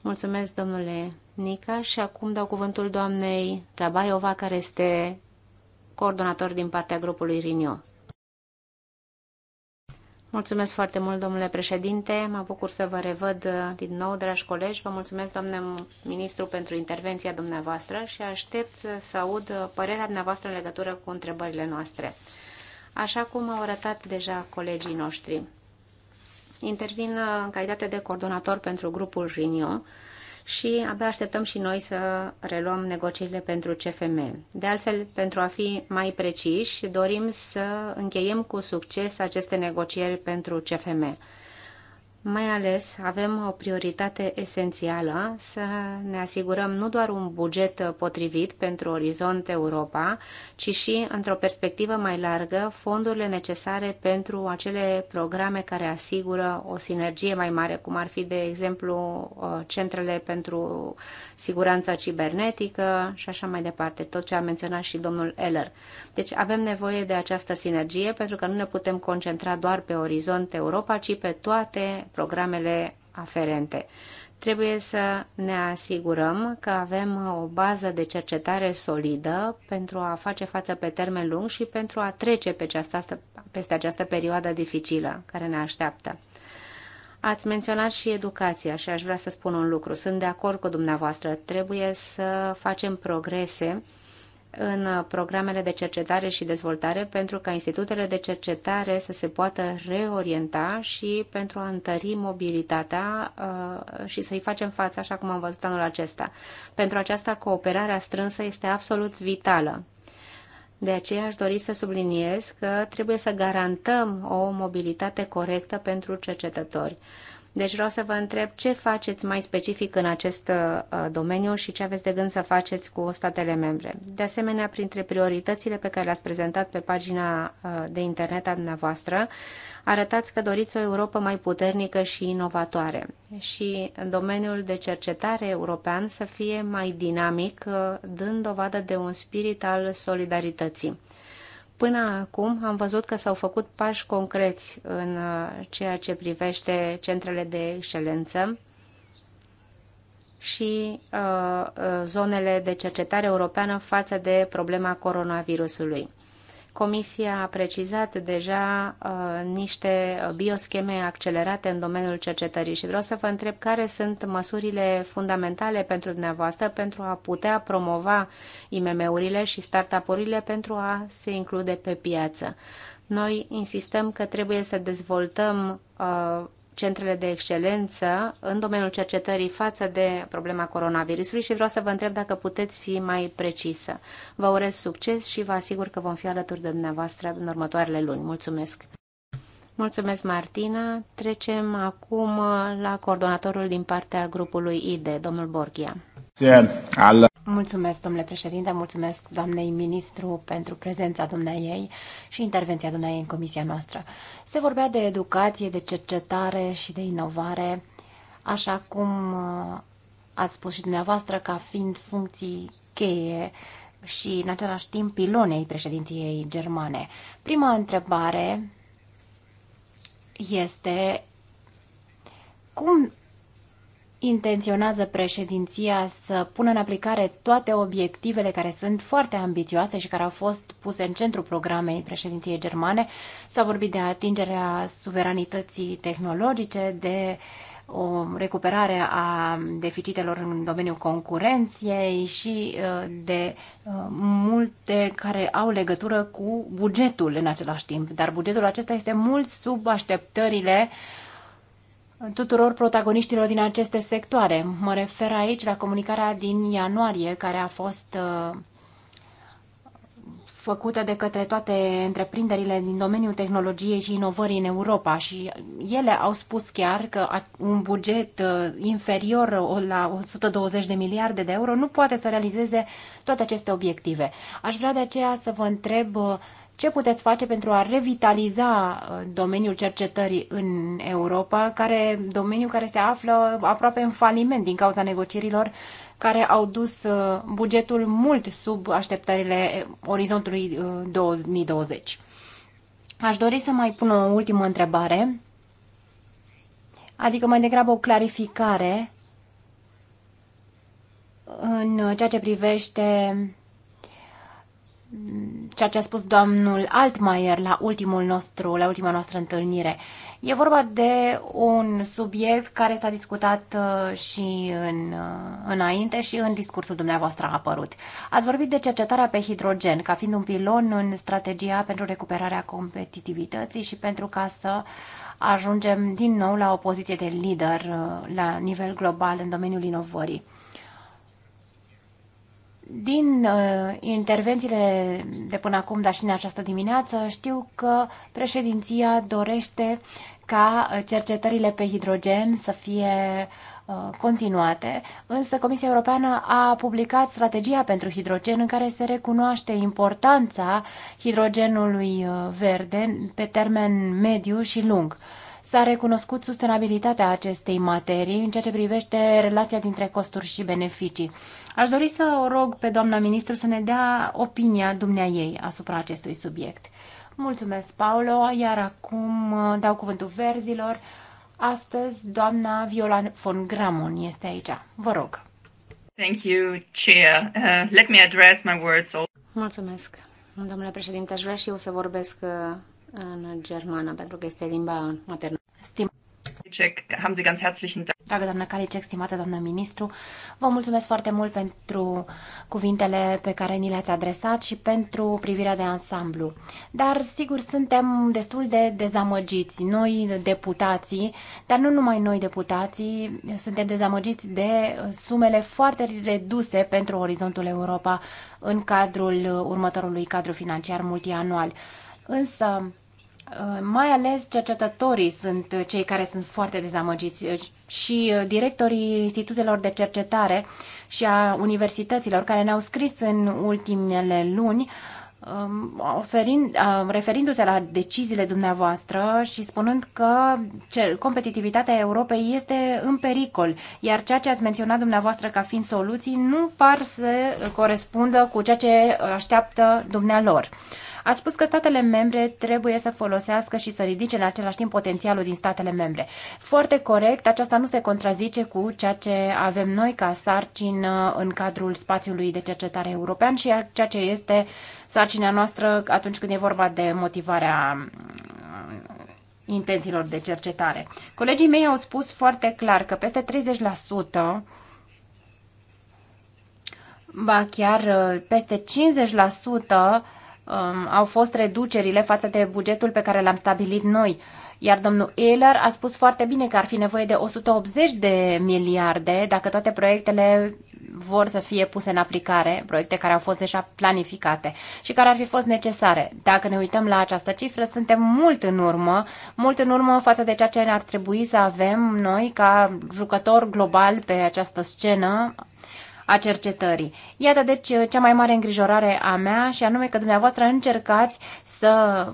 Mulțumesc, domnule Nica, și acum dau cuvântul doamnei Trabaiova, care este coordonator din partea grupului Renew. Mulțumesc foarte mult, domnule președinte. Mă bucur să vă revăd uh, din nou, dragi colegi. Vă mulțumesc, domnule ministru, pentru intervenția dumneavoastră și aștept uh, să aud uh, părerea dumneavoastră în legătură cu întrebările noastre. Așa cum au arătat deja colegii noștri, intervin în calitate de coordonator pentru grupul Renew, și abia așteptăm și noi să reluăm negocierile pentru CFM. De altfel, pentru a fi mai preciși, dorim să încheiem cu succes aceste negocieri pentru CFM. Mai ales avem o prioritate esențială să ne asigurăm nu doar un buget potrivit pentru Orizont Europa, ci și, într-o perspectivă mai largă, fondurile necesare pentru acele programe care asigură o sinergie mai mare, cum ar fi, de exemplu, uh, centrele pentru siguranța cibernetică și așa mai departe, tot ce a menționat și domnul Eller. Deci avem nevoie de această sinergie pentru că nu ne putem concentra doar pe Orizont Europa, ci pe toate programele aferente. Trebuie să ne asigurăm că avem o bază de cercetare solidă pentru a face față pe termen lung și pentru a trece pe această, peste această perioadă dificilă care ne așteaptă. Ați menționat și educația și aș vrea să spun un lucru. Sunt de acord cu dumneavoastră. Trebuie să facem progrese uh, în uh, programele de cercetare și dezvoltare pentru ca institutele de cercetare să se poată reorienta și pentru a întări mobilitatea uh, și să-i facem față, așa cum am văzut anul acesta. Pentru aceasta, cooperarea strânsă este absolut vitală. De aceea aș dori să subliniez că trebuie să garantăm o mobilitate corectă pentru cercetători. Deci vreau să vă întreb ce faceți mai specific în acest uh, domeniu și ce aveți de gând să faceți cu statele membre. De asemenea, printre prioritățile pe care le-ați prezentat pe pagina uh, de internet a dumneavoastră, arătați că doriți o Europa mai puternică și inovatoare și domeniul de cercetare european să fie mai dinamic, uh, dând dovadă de un spirit al solidarității. Până acum am văzut că s-au făcut pași concreți în uh, ceea ce privește centrele de excelență și uh, uh, zonele de cercetare europeană față de problema coronavirusului. Comisia a precizat deja uh, niște bioscheme accelerate în domeniul cercetării și vreau să vă întreb care sunt măsurile fundamentale pentru dumneavoastră pentru a putea promova IMM-urile și startup-urile pentru a se include pe piață. Noi insistăm că trebuie să dezvoltăm uh, centrele de excelență în domeniul cercetării față de problema coronavirusului și vreau să vă întreb dacă puteți fi mai precisă. Vă urez succes și vă asigur că vom fi alături de dumneavoastră în următoarele luni. Mulțumesc! Mulțumesc, Martina. Trecem acum la coordonatorul din partea grupului ID, domnul Borghia. Mulțumesc, domnule președinte, mulțumesc doamnei ministru pentru prezența ei și intervenția ei în comisia noastră. Se vorbea de educație, de cercetare și de inovare, așa cum uh, ați spus și dumneavoastră, ca fiind funcții cheie și, în același timp, pilonei președinției germane. Prima întrebare este cum intenționează președinția să pună în aplicare toate obiectivele care sunt foarte ambițioase și care au fost puse în centrul programei președinției germane. S-a vorbit de atingerea suveranității tehnologice, de o recuperare a deficitelor în domeniul concurenției și uh, de uh, multe care au legătură cu bugetul în același timp. Dar bugetul acesta este mult sub așteptările uh, tuturor protagoniștilor din aceste sectoare. Mă refer aici la comunicarea din ianuarie, care a fost uh, făcută de către toate întreprinderile din domeniul tehnologiei și inovării în Europa și ele au spus chiar că un buget uh, inferior la 120 de miliarde de euro nu poate să realizeze toate aceste obiective. Aș vrea de aceea să vă întreb uh, ce puteți face pentru a revitaliza uh, domeniul cercetării în Europa, care, domeniul care se află aproape în faliment din cauza negocierilor care au dus uh, bugetul mult sub așteptările eh, orizontului 2020? Uh, Aș dori să mai pun o ultimă întrebare, adică mai degrabă o clarificare în ceea ce privește ceea ce a spus domnul Altmaier la ultimul nostru, la ultima noastră întâlnire. E vorba de un subiect care s-a discutat uh, și în, uh, înainte și în discursul dumneavoastră a apărut. Ați vorbit de cercetarea pe hidrogen ca fiind un pilon în strategia pentru recuperarea competitivității și pentru ca să ajungem din nou la o poziție de lider uh, la nivel global în domeniul inovării. Din uh, intervențiile de până acum, dar și în această dimineață, știu că președinția dorește ca uh, cercetările pe hidrogen să fie uh, continuate, însă Comisia Europeană a publicat strategia pentru hidrogen în care se recunoaște importanța hidrogenului uh, verde pe termen mediu și lung. S-a recunoscut sustenabilitatea acestei materii în ceea ce privește relația dintre costuri și beneficii. Aș dori să o rog pe doamna ministru să ne dea opinia dumnea ei asupra acestui subiect. Mulțumesc, Paolo, iar acum uh, dau cuvântul verzilor. Astăzi, doamna Viola von Gramon este aici. Vă rog. Thank you, Chair. Uh, let me address my words. All... Mulțumesc, domnule președinte. Aș vrea și eu să vorbesc uh, în germană, pentru că este limba maternă. Stim Kalicek, haben Sie ganz herzlichen Dank. Dragă doamnă Kalicek, stimată doamnă ministru, vă mulțumesc foarte mult pentru cuvintele pe care ni le-ați adresat și pentru privirea de ansamblu. Dar, sigur, suntem destul de dezamăgiți, noi deputații, dar nu numai noi deputații, suntem dezamăgiți de sumele foarte reduse pentru Orizontul Europa în cadrul următorului cadru financiar multianual. Însă, Uh, mai ales cercetătorii sunt cei care sunt foarte dezamăgiți uh, și uh, directorii institutelor de cercetare și a universităților care ne-au scris în ultimele luni um, oferind, referindu-se la deciziile dumneavoastră și spunând că competitivitatea Europei este în pericol, iar ceea ce ați menționat dumneavoastră ca fiind soluții nu par să corespundă cu ceea ce așteaptă dumnealor. A spus că statele membre trebuie să folosească și să ridice în același timp potențialul din statele membre. Foarte corect, aceasta nu se contrazice cu ceea ce avem noi ca sarcină în cadrul spațiului de cercetare european și ceea ce este sarcina noastră atunci când e vorba de motivarea mm, intențiilor de cercetare. Colegii mei au spus foarte clar că peste 30%, ba chiar peste 50% um, au fost reducerile față de bugetul pe care l-am stabilit noi. Iar domnul Ehler a spus foarte bine că ar fi nevoie de 180 de miliarde dacă toate proiectele vor să fie puse în aplicare, proiecte care au fost deja planificate și care ar fi fost necesare. Dacă ne uităm la această cifră, suntem mult în urmă, mult în urmă față de ceea ce ar trebui să avem noi ca jucător global pe această scenă a cercetării. Iată deci cea mai mare îngrijorare a mea și anume că dumneavoastră încercați să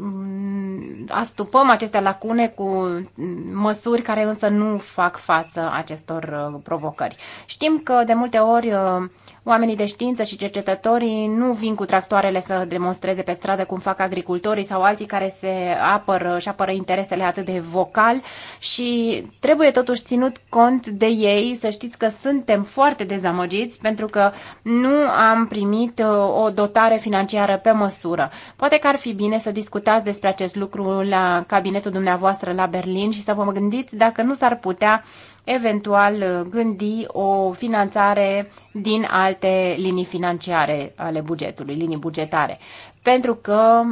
mm, astupăm aceste lacune cu mm, măsuri care însă nu fac față acestor uh, provocări. Știm că de multe ori uh, Oamenii de știință și cercetătorii nu vin cu tractoarele să demonstreze pe stradă cum fac agricultorii sau alții care se apără și apără interesele atât de vocal și trebuie totuși ținut cont de ei. Să știți că suntem foarte dezamăgiți pentru că nu am primit uh, o dotare financiară pe măsură. Poate că ar fi bine să discutați despre acest lucru la cabinetul dumneavoastră la Berlin și să vă gândiți dacă nu s-ar putea eventual uh, gândi o finanțare din alte linii financiare ale bugetului, linii bugetare. Pentru că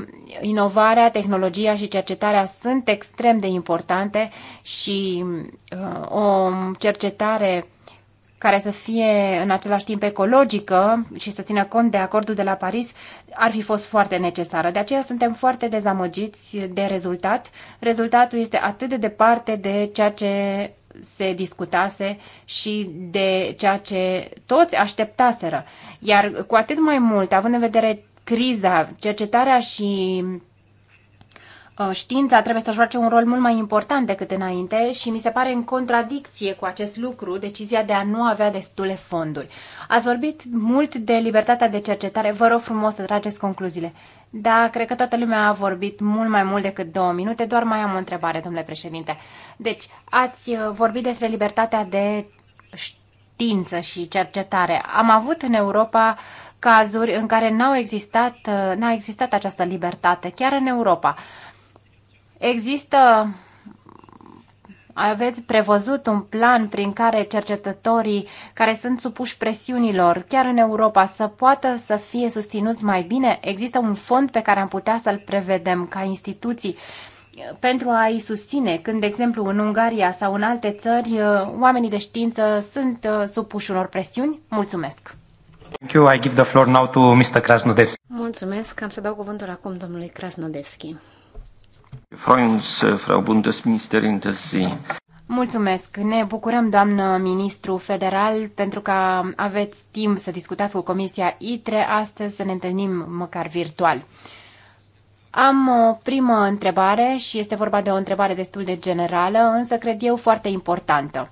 inovarea, tehnologia și cercetarea sunt extrem de importante și uh, o cercetare care să fie în același timp ecologică și să țină cont de acordul de la Paris ar fi fost foarte necesară. De aceea suntem foarte dezamăgiți de rezultat. Rezultatul este atât de departe de ceea ce se discutase și de ceea ce toți așteptaseră. Iar cu atât mai mult, având în vedere criza, cercetarea și uh, știința trebuie să joace un rol mult mai important decât înainte și mi se pare în contradicție cu acest lucru decizia de a nu avea destule fonduri. Ați vorbit mult de libertatea de cercetare, vă rog frumos să trageți concluziile. Da, cred că toată lumea a vorbit mult mai mult decât două minute, doar mai am o întrebare, domnule președinte. Deci, ați uh, vorbit despre libertatea de știință și cercetare. Am avut în Europa cazuri în care n-au existat, uh, n-a existat această libertate, chiar în Europa. Există aveți prevăzut un plan prin care cercetătorii care sunt supuși presiunilor, chiar în Europa, să poată să fie susținuți mai bine? Există un fond pe care am putea să-l prevedem ca instituții eh, pentru a-i susține când, de exemplu, în Ungaria sau în alte țări, eh, oamenii de știință sunt eh, supuși unor presiuni? Mulțumesc! Thank you. I give the floor now to Mr. Krasnodevski. Mulțumesc. Am să dau cuvântul acum domnului Krasnodevski. Mulțumesc. Ne bucurăm, doamnă ministru federal, pentru că aveți timp să discutați cu Comisia ITRE astăzi, să ne întâlnim măcar virtual. Am o primă întrebare și este vorba de o întrebare destul de generală, însă cred eu foarte importantă.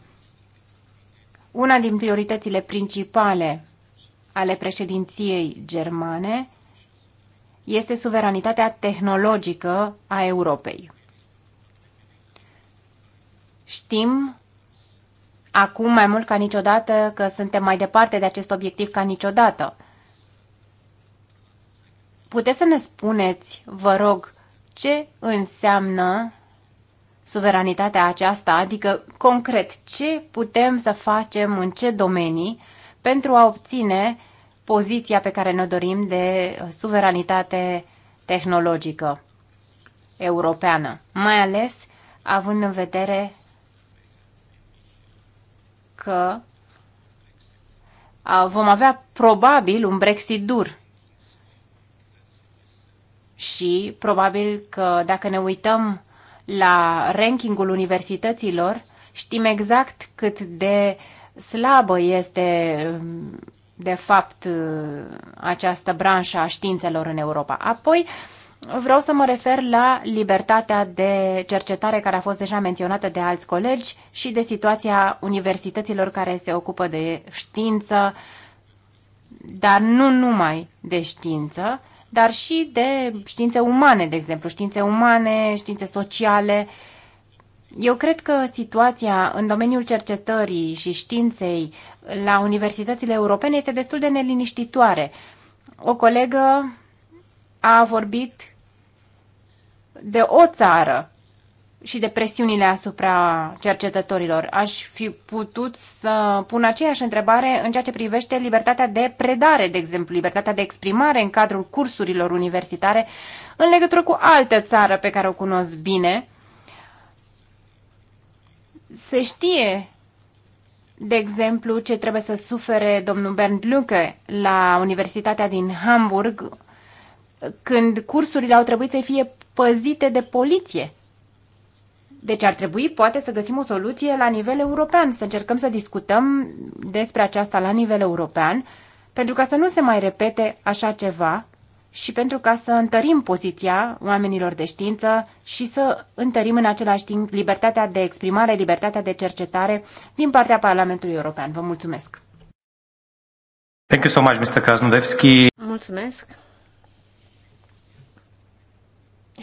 Una din prioritățile principale ale președinției germane este suveranitatea tehnologică a Europei. Știm acum mai mult ca niciodată că suntem mai departe de acest obiectiv ca niciodată. Puteți să ne spuneți, vă rog, ce înseamnă suveranitatea aceasta, adică concret ce putem să facem în ce domenii pentru a obține poziția pe care ne dorim de uh, suveranitate tehnologică europeană, mai ales având în vedere că uh, vom avea probabil un Brexit dur. Și probabil că dacă ne uităm la rankingul universităților, știm exact cât de slabă este um, de fapt, uh, această branșă a științelor în Europa. Apoi, vreau să mă refer la libertatea de cercetare care a fost deja menționată de alți colegi și de situația universităților care se ocupă de știință, dar nu numai de știință, dar și de științe umane, de exemplu, științe umane, științe sociale, uh, eu cred că situația în domeniul cercetării și științei la universitățile europene este destul de neliniștitoare. O colegă a vorbit de o țară și de presiunile asupra cercetătorilor. Aș fi putut să pun aceeași întrebare în ceea ce privește libertatea de predare, de exemplu, libertatea de exprimare în cadrul cursurilor universitare, în legătură cu altă țară pe care o cunosc bine, se știe, de exemplu, ce trebuie să sufere domnul Bernd Lucke la Universitatea din Hamburg când cursurile au trebuit să fie păzite de poliție. Deci ar trebui poate să găsim o soluție la nivel european, să încercăm să discutăm despre aceasta la nivel european, pentru ca să nu se mai repete așa ceva și pentru ca să întărim poziția oamenilor de știință și să întărim în același timp libertatea de exprimare, libertatea de cercetare din partea Parlamentului European. Vă mulțumesc! Thank you so much, Mr. Krasnodevski. Mulțumesc!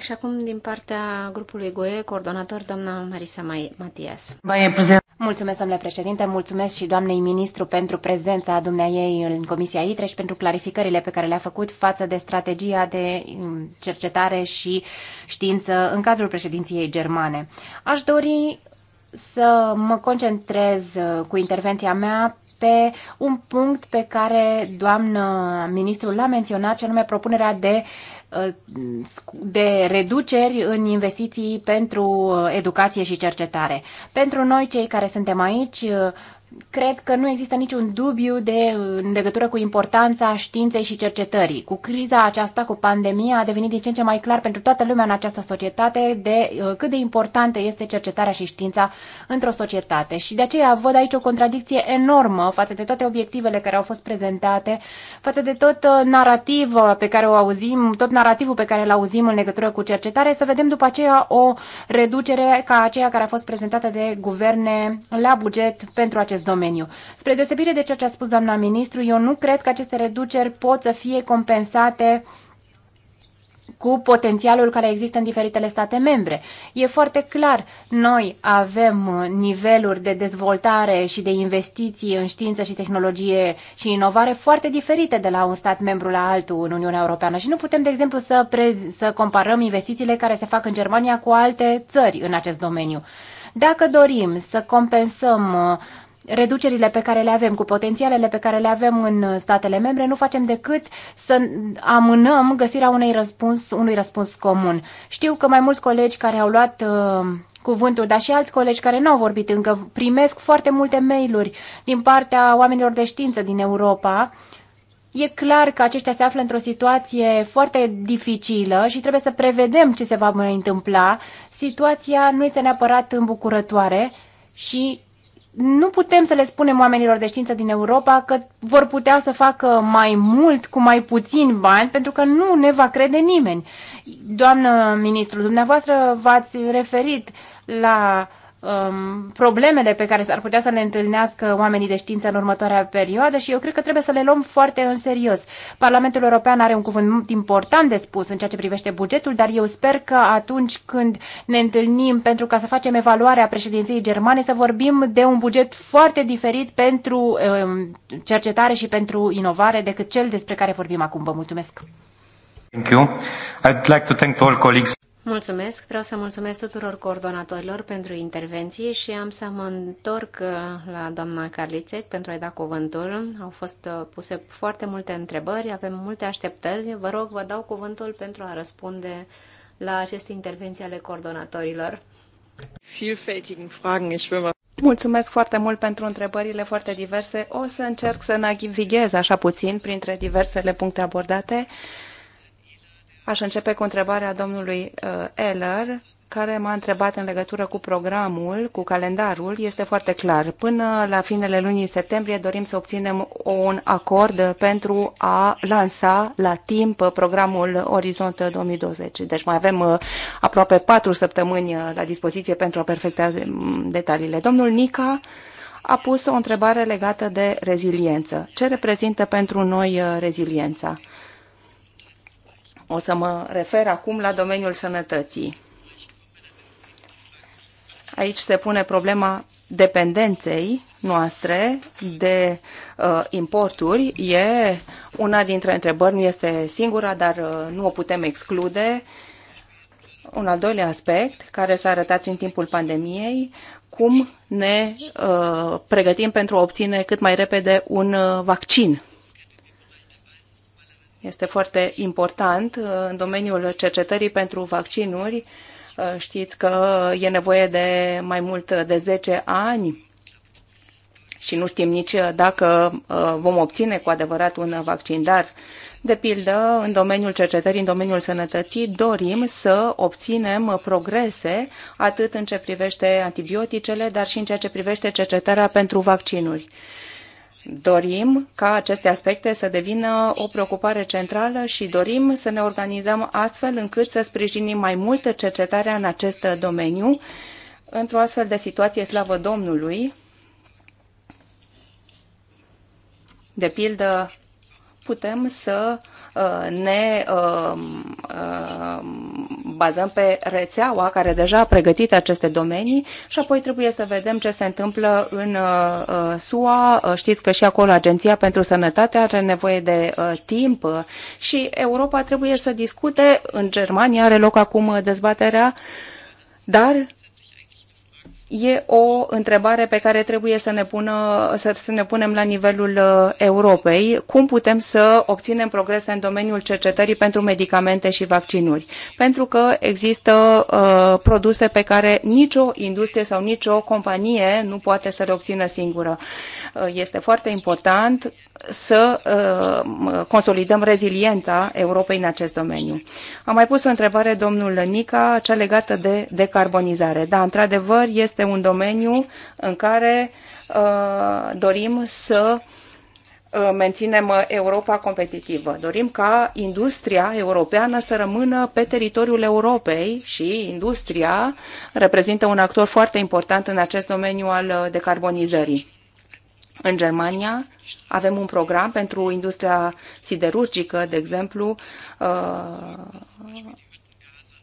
Și acum din partea grupului GOE, coordonator doamna Marisa Matias. Mulțumesc, domnule președinte, mulțumesc și doamnei ministru pentru prezența ei în Comisia ITRE și pentru clarificările pe care le-a făcut față de strategia de mm, cercetare și știință în cadrul președinției germane. Aș dori să mă concentrez uh, cu intervenția mea pe un punct pe care doamna ministrul l-a menționat, cel anume propunerea de uh, de reduceri în investiții pentru educație și cercetare. Pentru noi, cei care suntem aici, cred că nu există niciun dubiu de, în legătură cu importanța științei și cercetării. Cu criza aceasta, cu pandemia, a devenit din ce în ce mai clar pentru toată lumea în această societate de uh, cât de importantă este cercetarea și știința într-o societate. Și de aceea văd aici o contradicție enormă față de toate obiectivele care au fost prezentate, față de tot uh, narativul pe care o auzim, tot narativul pe care îl auzim în legătură cu cercetare, să vedem după aceea o reducere ca aceea care a fost prezentată de guverne la buget pentru acest acest domeniu. Spre deosebire de ceea ce a spus doamna ministru, eu nu cred că aceste reduceri pot să fie compensate cu potențialul care există în diferitele state membre. E foarte clar, noi avem niveluri de dezvoltare și de investiții în știință și tehnologie și inovare foarte diferite de la un stat membru la altul în Uniunea Europeană și nu putem, de exemplu, să, pre- să comparăm investițiile care se fac în Germania cu alte țări în acest domeniu. Dacă dorim să compensăm reducerile pe care le avem, cu potențialele pe care le avem în statele membre, nu facem decât să amânăm găsirea unei răspuns, unui răspuns comun. Știu că mai mulți colegi care au luat uh, cuvântul, dar și alți colegi care nu au vorbit încă primesc foarte multe mail-uri din partea oamenilor de știință din Europa E clar că aceștia se află într-o situație foarte dificilă și trebuie să prevedem ce se va mai întâmpla. Situația nu este neapărat îmbucurătoare și nu putem să le spunem oamenilor de știință din Europa că vor putea să facă mai mult cu mai puțin bani, pentru că nu ne va crede nimeni. Doamnă ministru, dumneavoastră v-ați referit la um, problemele pe care s-ar putea să le întâlnească oamenii de știință în următoarea perioadă și eu cred că trebuie să le luăm foarte în serios. Parlamentul European are un cuvânt important de spus în ceea ce privește bugetul, dar eu sper că atunci când ne întâlnim pentru ca să facem evaluarea președinției germane, să vorbim de un buget foarte diferit pentru um, cercetare și pentru inovare decât cel despre care vorbim acum. Vă mulțumesc! Thank you. I'd like to thank all colleagues. Mulțumesc, vreau să mulțumesc tuturor coordonatorilor pentru intervenții și am să mă întorc uh, la doamna Carlițec pentru a-i da cuvântul. Au fost uh, puse foarte multe întrebări, avem multe așteptări. Vă rog, vă dau cuvântul pentru a răspunde la aceste intervenții ale coordonatorilor. Mulțumesc foarte mult pentru întrebările foarte diverse. O să încerc să navighez așa puțin printre diversele puncte abordate. Uh, Aș începe cu întrebarea domnului uh, Eller, care m-a întrebat în legătură cu programul, cu calendarul, este foarte clar. Până la finele lunii septembrie dorim să obținem un acord pentru a lansa la timp programul Orizont 2020. Deci mai avem uh, aproape patru săptămâni uh, la dispoziție pentru a perfecta um, detaliile. Domnul Nica a pus o întrebare legată de reziliență. Ce reprezintă pentru noi reziliența? O să mă refer acum la domeniul sănătății. Aici se pune problema dependenței noastre de uh, importuri. E una dintre întrebări, nu este singura, dar uh, nu o putem exclude. Un al doilea aspect care s-a arătat în timpul pandemiei, cum ne uh, pregătim pentru a obține cât mai repede un uh, vaccin este foarte important uh, în domeniul cercetării pentru vaccinuri. Uh, știți că e nevoie de mai mult de 10 ani și nu știm nici dacă uh, vom obține cu adevărat un vaccin, dar de pildă, în domeniul cercetării, în domeniul sănătății, dorim să obținem progrese atât în ce privește antibioticele, dar și în ceea ce privește cercetarea pentru vaccinuri. Dorim ca aceste aspecte să devină o preocupare centrală și dorim să ne organizăm astfel încât să sprijinim mai mult cercetarea în acest domeniu. Într-o astfel de situație, slavă Domnului, de pildă, putem să uh, ne um, um, bazăm pe rețeaua care deja a pregătit aceste domenii și apoi trebuie să vedem ce se întâmplă în uh, uh, SUA. Știți că și acolo Agenția pentru Sănătate are nevoie de timp și Europa trebuie să discute. În Germania are loc acum dezbaterea, dar e o întrebare pe care trebuie să ne, pună, să, să ne punem la nivelul uh, Europei. Cum putem să obținem progrese în domeniul cercetării pentru medicamente și vaccinuri? Pentru că există uh, produse pe care nicio industrie sau nicio companie nu poate să le obțină singură. Uh, Uh, este foarte important să uh, consolidăm reziliența Europei în acest domeniu. Am mai pus o întrebare domnul Nica, cea legată de decarbonizare. Da, într-adevăr, este un domeniu în care uh, dorim să menținem Europa competitivă. Dorim ca industria europeană să rămână pe teritoriul Europei și industria reprezintă un actor foarte important în acest domeniu al decarbonizării. În Germania avem un program pentru industria siderurgică, de exemplu, uh,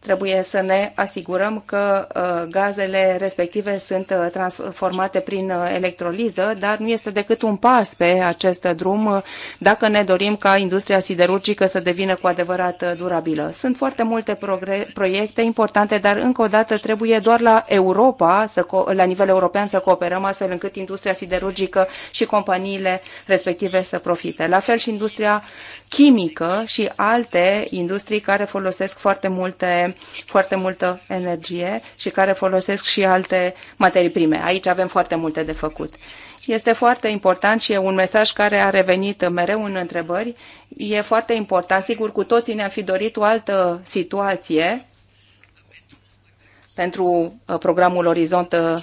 Trebuie să ne asigurăm că uh, gazele respective sunt uh, transformate prin uh, electroliză, dar nu este decât un pas pe acest drum dacă ne dorim ca industria siderurgică să devină cu adevărat durabilă. Sunt foarte multe proiecte importante, dar încă o dată trebuie doar la Europa, să la nivel european să cooperăm astfel încât industria siderurgică și companiile respective să profite. La fel și industria chimică și alte industrii care folosesc foarte, multe, foarte multă energie și care folosesc și alte materii prime. Aici avem foarte multe de făcut. Este foarte important și e un mesaj care a revenit mereu în întrebări. E foarte important, sigur, cu toții ne-am fi dorit o altă situație pentru uh, programul Orizont uh,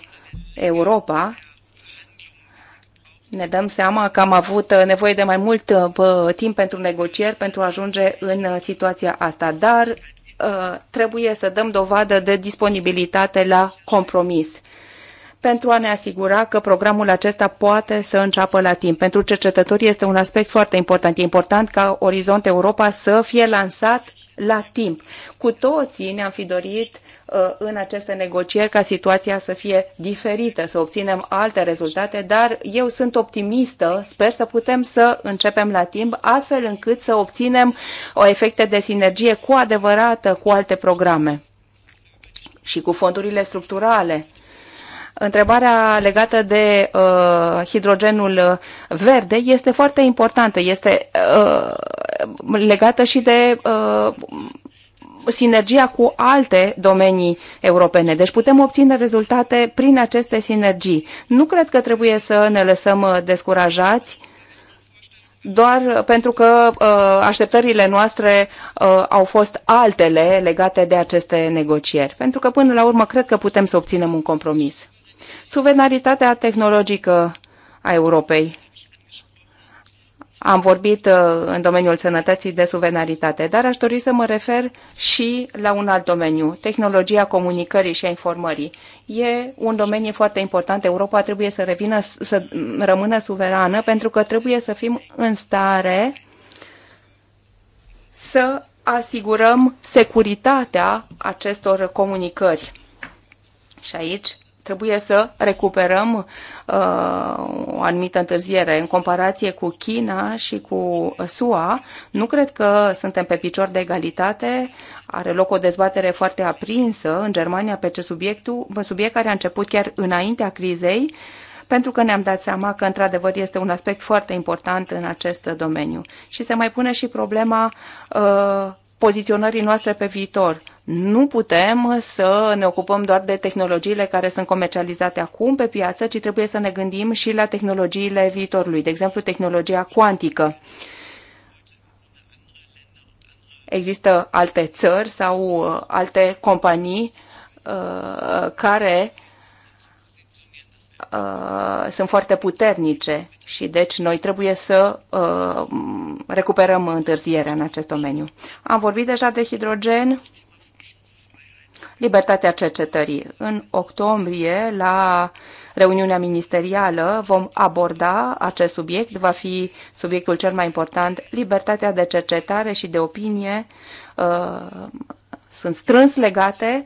Europa, ne dăm seama că am avut uh, nevoie de mai mult uh, timp pentru negocieri pentru a ajunge în uh, situația asta, dar trebuie să dăm dovadă de disponibilitate la compromis pentru a ne asigura că programul acesta poate să înceapă la timp. Pentru cercetători este un aspect foarte important. E important ca Orizont Europa să fie lansat la timp. Cu toții ne-am fi dorit uh, Uh, în aceste negocieri ca situația să fie diferită, să obținem alte rezultate, dar eu sunt optimistă, sper să putem să începem la timp, astfel încât să obținem o efecte de sinergie cu adevărată cu alte programe și cu fondurile structurale. Întrebarea legată de uh, hidrogenul verde este foarte importantă, este uh, legată și de uh, sinergia cu alte domenii europene. Deci putem obține rezultate prin aceste sinergii. Nu cred că trebuie să ne lăsăm uh, descurajați doar pentru că uh, așteptările noastre uh, au fost altele legate de aceste negocieri. Pentru că, până la urmă, cred că putem să obținem un compromis. Suvenaritatea tehnologică a Europei am vorbit uh, în domeniul sănătății de suvenaritate, dar aș dori să mă refer și la un alt domeniu, tehnologia comunicării și a informării. E un domeniu foarte important. Europa trebuie să, revină, să rămână suverană pentru că trebuie să fim în stare să asigurăm securitatea acestor comunicări. Și aici trebuie să recuperăm uh, o anumită întârziere în comparație cu China și cu SUA. Nu cred că suntem pe picior de egalitate. Are loc o dezbatere foarte aprinsă în Germania pe ce subiectul, subiect care a început chiar înaintea crizei, pentru că ne-am dat seama că, într-adevăr, este un aspect foarte important în acest domeniu. Și se mai pune și problema uh, poziționării noastre pe viitor. Nu putem să ne ocupăm doar de tehnologiile care sunt comercializate acum pe piață, ci trebuie să ne gândim și la tehnologiile viitorului, de exemplu tehnologia cuantică. Există alte țări sau uh, alte companii uh, care uh, sunt foarte puternice și deci noi trebuie să uh, recuperăm întârzierea în acest domeniu. Am vorbit deja de hidrogen, libertatea cercetării. În octombrie, la reuniunea ministerială, vom aborda acest subiect, va fi subiectul cel mai important, libertatea de cercetare și de opinie uh, sunt strâns legate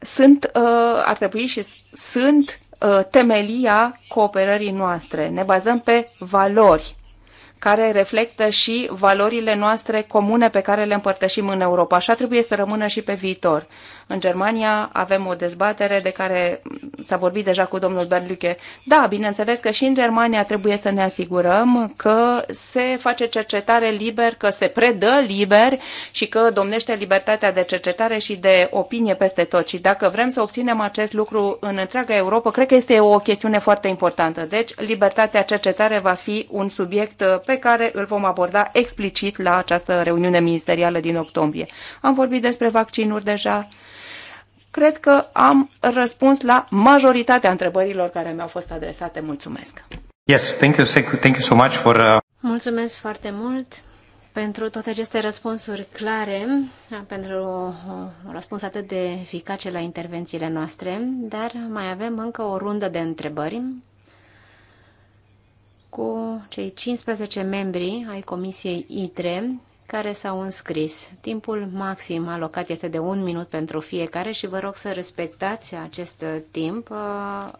sunt, uh, ar trebui și sunt uh, temelia cooperării noastre. Ne bazăm pe valori care reflectă și valorile noastre comune pe care le împărtășim în Europa. Așa trebuie să rămână și pe viitor. În Germania avem o dezbatere de care s-a vorbit deja cu domnul Berluche. Da, bineînțeles că și în Germania trebuie să ne asigurăm că se face cercetare liber, că se predă liber și că domnește libertatea de cercetare și de opinie peste tot. Și dacă vrem să obținem acest lucru în întreaga Europa, cred că este o chestiune foarte importantă. Deci, libertatea cercetare va fi un subiect pe care îl vom aborda explicit la această reuniune ministerială din octombrie. Am vorbit despre vaccinuri deja cred că am răspuns la majoritatea întrebărilor care mi-au fost adresate. Mulțumesc! Yes, thank you, thank you so much for, uh... Mulțumesc foarte mult pentru toate aceste răspunsuri clare, uh, pentru un uh, răspuns atât de eficace la intervențiile noastre, dar mai avem încă o rundă de întrebări cu cei 15 membri ai Comisiei ITRE care s-au înscris. Timpul maxim alocat este de un minut pentru fiecare și vă rog să respectați acest timp. Uh,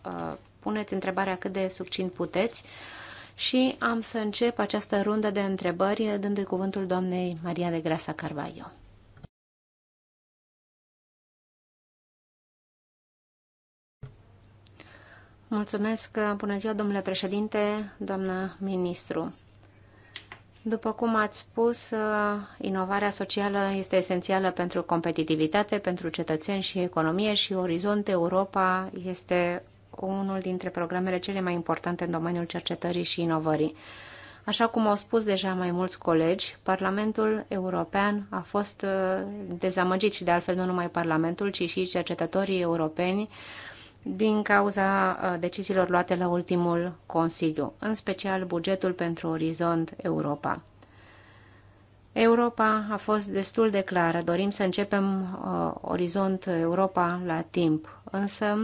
uh, puneți întrebarea cât de succint puteți și am să încep această rundă de întrebări dându-i cuvântul doamnei Maria de Grasa Carvalho. Mulțumesc. Bună ziua, domnule președinte, doamnă ministru. După cum ați spus, uh, inovarea socială este esențială pentru competitivitate, pentru cetățeni și economie și Orizont Europa este unul dintre programele cele mai importante în domeniul cercetării și inovării. Așa cum au spus deja mai mulți colegi, Parlamentul European a fost uh, dezamăgit și de altfel nu numai Parlamentul, ci și cercetătorii europeni din cauza uh, deciziilor luate la ultimul Consiliu, în special bugetul pentru Orizont Europa. Europa a fost destul de clară, dorim să începem uh, Orizont Europa la timp, însă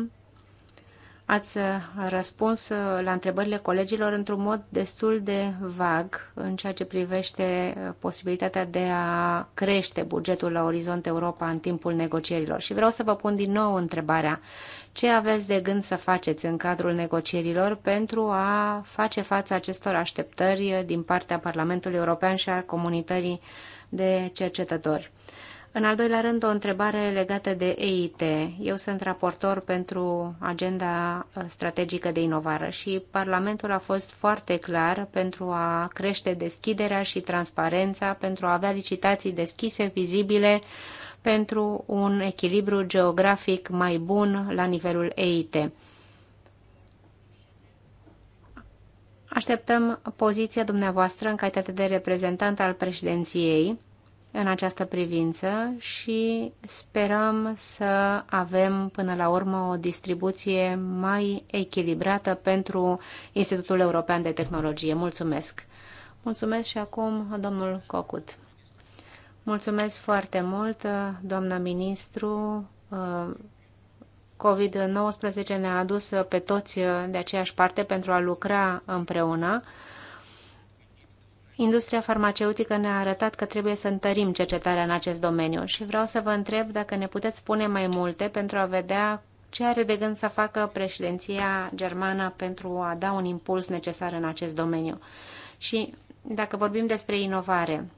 Ați uh, răspuns uh, la întrebările colegilor într-un mod destul de vag în ceea ce privește uh, posibilitatea de a crește bugetul la Orizont Europa în timpul negocierilor. Și vreau să vă pun din nou întrebarea. Ce aveți de gând să faceți în cadrul negocierilor pentru a face față acestor așteptări din partea Parlamentului European și a comunității de cercetători? În al doilea rând, o întrebare legată de EIT. Eu sunt raportor pentru agenda uh, strategică de inovare și Parlamentul a fost foarte clar pentru a crește deschiderea și transparența, pentru a avea licitații deschise, vizibile, pentru un echilibru geografic mai bun la nivelul EIT. Așteptăm poziția dumneavoastră în calitate de reprezentant al președinției în această privință și sperăm să avem până la urmă o distribuție mai echilibrată pentru Institutul European de Tehnologie. Mulțumesc! Mulțumesc și acum domnul Cocut. Mulțumesc foarte mult, doamna ministru. COVID-19 ne-a adus pe toți de aceeași parte pentru a lucra împreună. Industria farmaceutică ne-a arătat că trebuie să întărim cercetarea în acest domeniu și vreau să vă întreb dacă ne puteți spune mai multe pentru a vedea ce are de gând să facă președinția germană pentru a da un impuls necesar în acest domeniu. Și dacă vorbim despre inovare,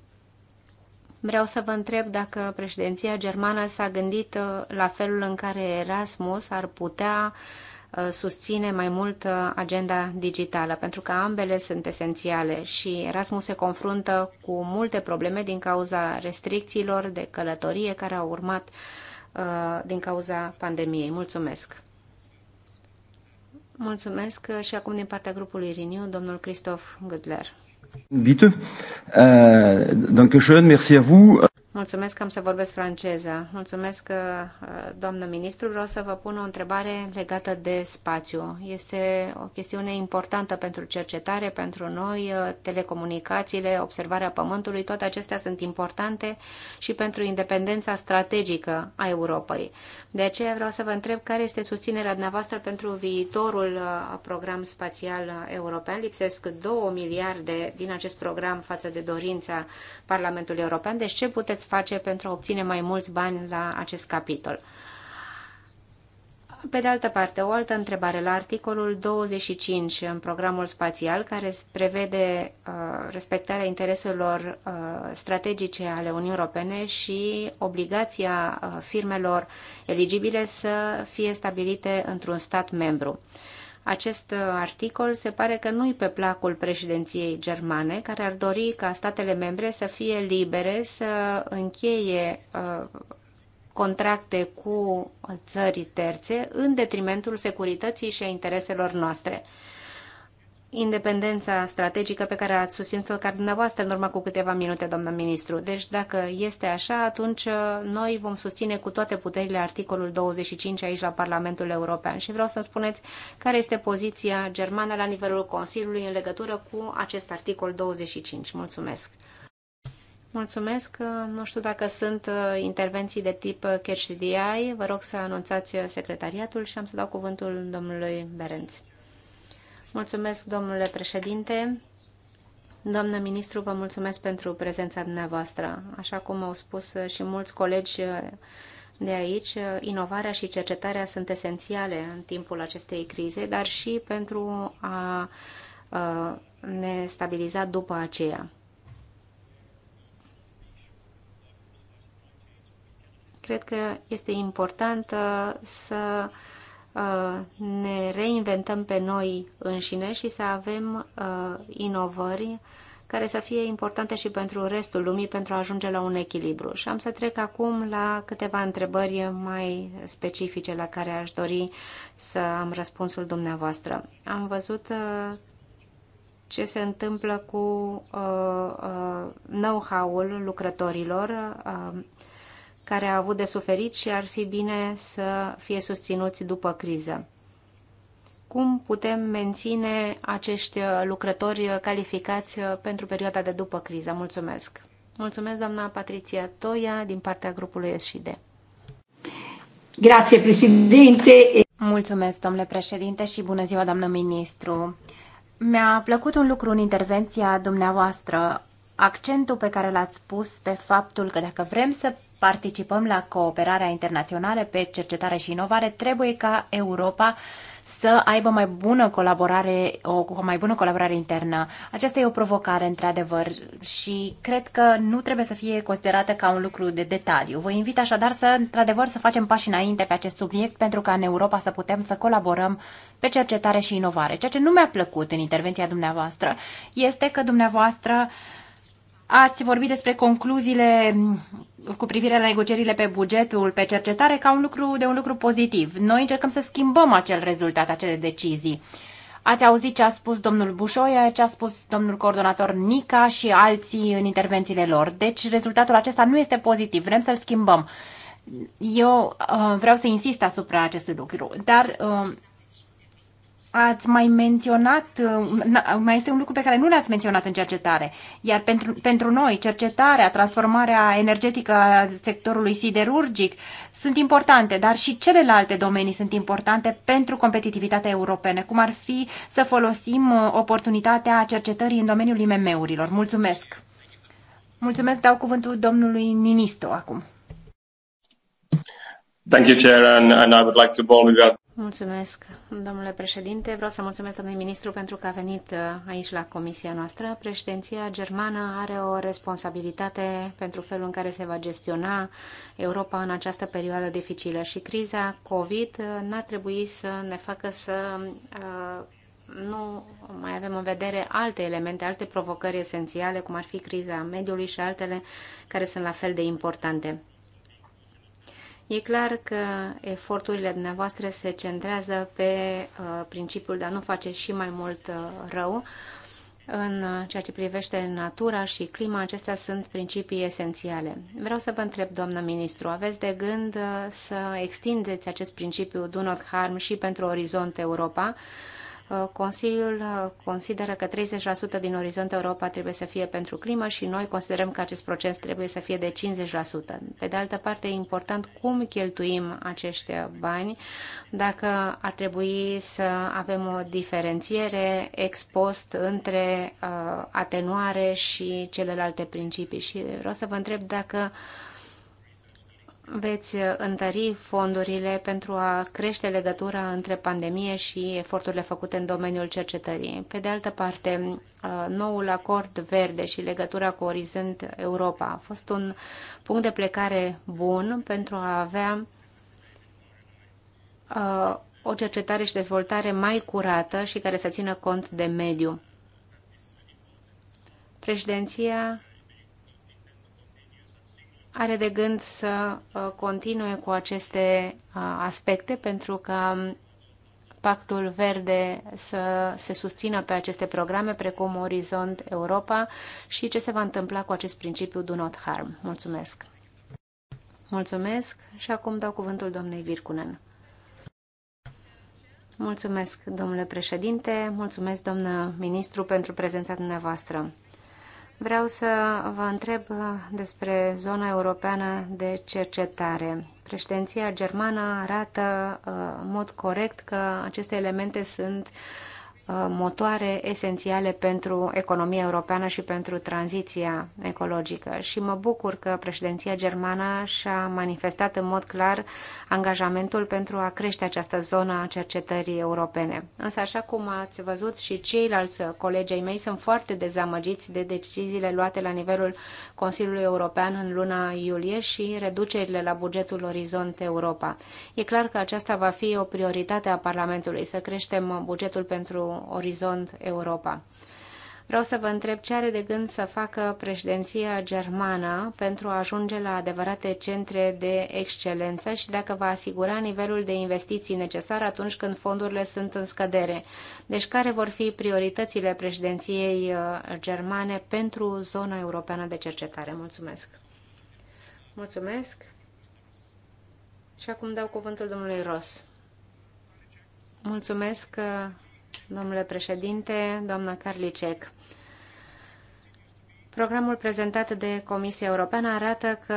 vreau să vă întreb dacă președinția germană s-a gândit uh, la felul în care Erasmus ar putea uh, Uh, susține mai mult uh, agenda digitală, pentru că ambele sunt esențiale și Erasmus se confruntă cu multe probleme din cauza restricțiilor de călătorie care au urmat uh, din cauza pandemiei. Mulțumesc! Mulțumesc și acum din partea grupului Renew, domnul Christoph Gudler. Bitte. Uh, danke schön, merci à vous. Mulțumesc că am să vorbesc franceză. Mulțumesc, uh, doamnă ministru. Vreau să vă pun o întrebare legată de spațiu. Este o chestiune importantă pentru cercetare, pentru noi, uh, telecomunicațiile, observarea pământului, toate acestea sunt importante și pentru independența strategică a Europei. De aceea vreau să vă întreb care este susținerea dumneavoastră pentru viitorul uh, program spațial european. Lipsesc 2 miliarde din acest program față de dorința Parlamentului European. Deci ce puteți puteți face pentru a obține mai mulți bani la acest capitol. Pe de altă parte, o altă întrebare la articolul 25 în programul spațial, care prevede uh, respectarea intereselor uh, strategice ale Uniunii Europene și obligația uh, firmelor eligibile să fie stabilite într-un stat membru. Uh, acest uh, articol se pare că nu-i pe placul președinției germane, care ar dori ca statele membre să fie libere să încheie uh, contracte cu țări terțe în detrimentul securității și a intereselor noastre independența strategică pe care ați susținut-o ca dumneavoastră în urma cu câteva minute, doamnă ministru. Deci dacă este așa, atunci uh, noi vom susține cu toate puterile articolul 25 aici la Parlamentul European și vreau să-mi spuneți care este poziția germană la nivelul Consiliului în legătură cu acest articol 25. Mulțumesc! Mulțumesc. Uh, nu știu dacă sunt uh, intervenții de tip catch Vă rog să anunțați secretariatul și am să dau cuvântul domnului Berenți. Mulțumesc, domnule președinte. Doamnă ministru, vă mulțumesc pentru prezența dumneavoastră. Așa cum au spus și mulți colegi de aici, inovarea și cercetarea sunt esențiale în timpul acestei crize, dar și pentru a ne stabiliza după aceea. Cred că este important să uh, Uh, ne reinventăm pe noi înșine și să avem uh, inovări care să fie importante și pentru restul lumii pentru a ajunge la un echilibru. Și am să trec acum la câteva întrebări mai specifice la care aș dori să am răspunsul dumneavoastră. Am văzut uh, ce se întâmplă cu know-how-ul lucrătorilor, care a avut de suferit și ar fi bine să fie susținuți după criză. Cum putem menține acești lucrători calificați pentru perioada de după criză? Mulțumesc! Mulțumesc, doamna Patriția Toia, din partea grupului SID. Grazie, președinte! Mulțumesc, domnule președinte, și bună ziua, doamnă ministru! Mi-a plăcut un lucru în intervenția dumneavoastră, accentul pe care l-ați pus pe faptul că dacă vrem să participăm la cooperarea internațională pe cercetare și inovare, trebuie ca Europa să aibă mai bună colaborare, o, o mai bună colaborare internă. Aceasta e o provocare, într-adevăr, și cred că nu trebuie să fie considerată ca un lucru de detaliu. Vă invit așadar să, într-adevăr, să facem pași înainte pe acest subiect pentru ca în Europa să putem să colaborăm pe cercetare și inovare. Ceea ce nu mi-a plăcut în intervenția dumneavoastră este că dumneavoastră ați vorbit despre concluziile cu privire la negocierile pe bugetul, pe cercetare, ca un lucru de un lucru pozitiv. Noi încercăm să schimbăm acel rezultat, acele decizii. Ați auzit ce a spus domnul Bușoia, ce a spus domnul coordonator Nica și alții în intervențiile lor. Deci rezultatul acesta nu este pozitiv, vrem să-l schimbăm. Eu uh, vreau să insist asupra acestui lucru, dar uh, ați mai menționat, mai este un lucru pe care nu l-ați menționat în cercetare, iar pentru, pentru noi cercetarea, transformarea energetică a sectorului siderurgic sunt importante, dar și celelalte domenii sunt importante pentru competitivitatea europene, cum ar fi să folosim uh, oportunitatea cercetării în domeniul IMM-urilor. Mulțumesc! Mulțumesc, dau cuvântul domnului Ninisto acum. Thank you, Chair, and, and I would like to Mulțumesc, domnule președinte. Vreau să mulțumesc domnului ministru pentru că a venit uh, aici la comisia noastră. Președinția germană are o responsabilitate pentru felul în care se va gestiona Europa în această perioadă dificilă și criza COVID uh, n-ar trebui să ne facă să uh, nu mai avem în vedere alte elemente, alte provocări esențiale, cum ar fi criza mediului și altele care sunt la fel de importante. E clar că eforturile dumneavoastră se centrează pe uh, principiul de a nu face și mai mult uh, rău. În uh, ceea ce privește natura și clima, acestea sunt principii esențiale. Vreau să vă întreb, doamnă ministru, aveți de gând să extindeți acest principiu do not harm și pentru Orizont Europa? Uh, Consiliul uh, consideră că 30% din Orizont Europa trebuie să fie pentru climă și noi considerăm că acest proces trebuie să fie de 50%. Pe de altă parte, e important cum cheltuim acești bani, dacă ar trebui să avem o diferențiere ex post între uh, atenuare și celelalte principii. Și vreau să vă întreb dacă uh, veți întări fondurile pentru a crește legătura între pandemie și eforturile făcute în domeniul cercetării. Pe de altă parte, uh, noul acord verde și legătura cu Orizont Europa a fost un punct de plecare bun pentru a avea uh, o cercetare și dezvoltare mai curată și care să țină cont de mediu. Președinția are de gând să uh, continue cu aceste uh, aspecte pentru că Pactul Verde să se susțină pe aceste programe precum Orizont Europa și ce se va întâmpla cu acest principiu Do Not Harm. Mulțumesc! Mulțumesc și acum dau cuvântul domnei Virkunen. Mulțumesc, domnule președinte, mulțumesc, domnă ministru, pentru prezența dumneavoastră. Vreau să vă întreb despre zona europeană de cercetare. Președinția germană arată uh, în mod corect că aceste elemente sunt uh, Uh, motoare esențiale pentru economia europeană și pentru tranziția ecologică. Și mă bucur că președinția germană și-a manifestat în mod clar angajamentul pentru a crește această zonă a cercetării europene. Însă, așa cum ați văzut și ceilalți colegi ai mei sunt foarte dezamăgiți de deciziile luate la nivelul Consiliului European în luna iulie și reducerile la bugetul Orizont Europa. E clar că aceasta va fi o prioritate a Parlamentului, să creștem bugetul pentru Orizont Europa. Vreau să vă întreb ce are de gând să facă președinția germană pentru a ajunge la adevărate centre de excelență și dacă va asigura nivelul de investiții necesar atunci când fondurile sunt în scădere. Deci care vor fi prioritățile președinției uh, germane pentru zona europeană de cercetare? Mulțumesc! Mulțumesc! Și acum dau cuvântul domnului Ros. Mulțumesc uh, domnule președinte, doamna Carlicek, Programul prezentat de Comisia Europeană arată că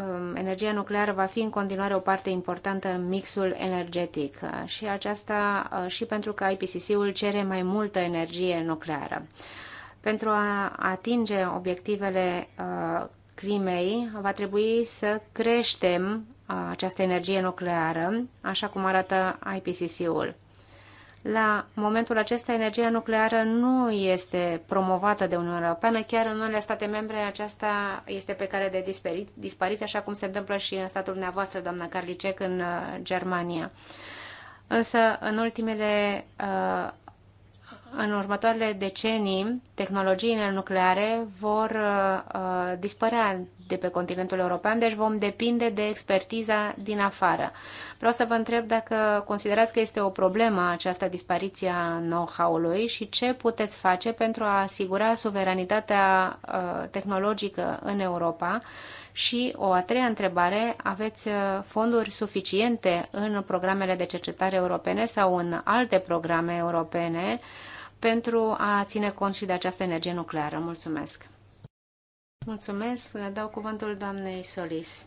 um, energia nucleară va fi în continuare o parte importantă în mixul energetic uh, și aceasta uh, și pentru că IPCC-ul cere mai multă energie nucleară. Pentru a atinge obiectivele uh, climei, va trebui să creștem uh, această energie nucleară, așa cum arată IPCC-ul. La momentul acesta, energia nucleară nu este promovată de Uniunea Europeană, chiar în unele state membre aceasta este pe care de disperit, dispariție, așa cum se întâmplă și în statul dumneavoastră, doamna Carlicec, în uh, Germania. Însă, în ultimele uh, în următoarele decenii tehnologiile nucleare vor uh, dispărea de pe continentul european, deci vom depinde de expertiza din afară. Vreau să vă întreb dacă considerați că este o problemă această dispariție a know-how-ului și ce puteți face pentru a asigura suveranitatea uh, tehnologică în Europa și o a treia întrebare, aveți uh, fonduri suficiente în programele de cercetare europene sau în alte programe europene pentru a ține cont și de această energie nucleară. Mulțumesc! Mulțumesc! Dau cuvântul doamnei Solis.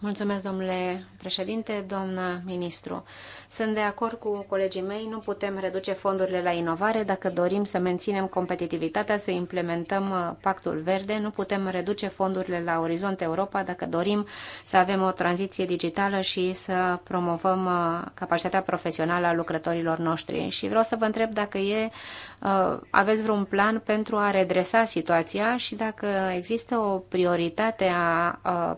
Mulțumesc, domnule președinte, doamnă ministru. Sunt de acord cu colegii mei, nu putem reduce fondurile la inovare dacă dorim să menținem competitivitatea, să implementăm uh, pactul verde, nu putem reduce fondurile la Orizont Europa dacă dorim să avem o tranziție digitală și să promovăm uh, capacitatea profesională a lucrătorilor noștri. Și vreau să vă întreb dacă e, uh, aveți vreun plan pentru a redresa situația și dacă există o prioritate a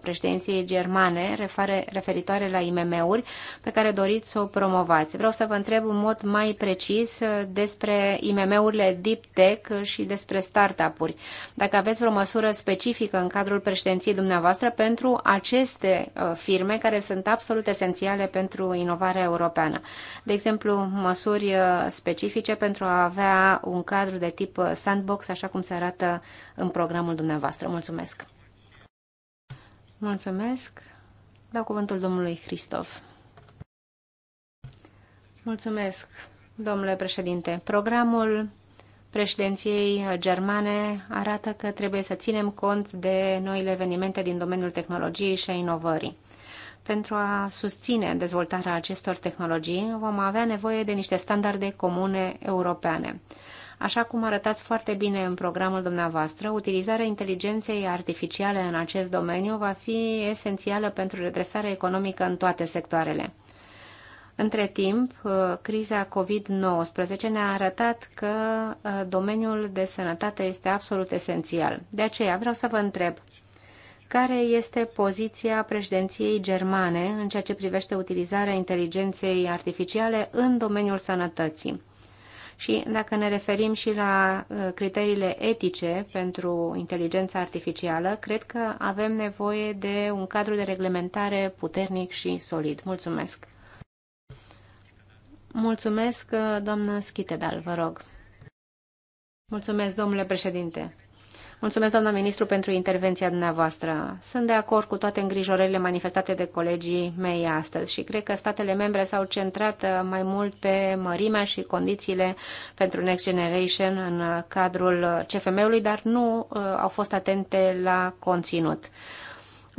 președinției germane europeane referitoare la IMM-uri pe care doriți să o promovați. Vreau să vă întreb în mod mai precis uh, despre IMM-urile Deep Tech și despre startup-uri. Dacă aveți vreo măsură specifică în cadrul președinției dumneavoastră pentru aceste uh, firme care sunt absolut esențiale pentru inovarea europeană. De exemplu, măsuri uh, specifice pentru a avea un cadru de tip sandbox, așa cum se arată în programul dumneavoastră. Mulțumesc! Mulțumesc! Dau cuvântul domnului Christoph. Mulțumesc, domnule președinte. Programul președinției germane arată că trebuie să ținem cont de noile evenimente din domeniul tehnologiei și a inovării. Pentru a susține dezvoltarea acestor tehnologii, vom avea nevoie de niște standarde comune europene. Așa cum arătați foarte bine în programul dumneavoastră, utilizarea inteligenței artificiale în acest domeniu va fi esențială pentru redresarea economică în toate sectoarele. Între timp, uh, criza COVID-19 ne-a arătat că uh, domeniul de sănătate este absolut esențial. De aceea vreau să vă întreb, care este poziția președinției germane în ceea ce privește utilizarea inteligenței artificiale în domeniul sănătății? Și dacă ne referim și la uh, criteriile etice pentru inteligența artificială, cred că avem nevoie de un cadru de reglementare puternic și solid. Mulțumesc! Mulțumesc, uh, doamna Schitedal, vă rog. Mulțumesc, domnule președinte. Mulțumesc, doamna ministru, pentru intervenția dumneavoastră. Sunt de acord cu toate îngrijorările manifestate de colegii mei astăzi și cred că statele membre s-au centrat uh, mai mult pe mărimea și condițiile pentru Next Generation în uh, cadrul uh, CFM-ului, dar nu au fost atente la conținut.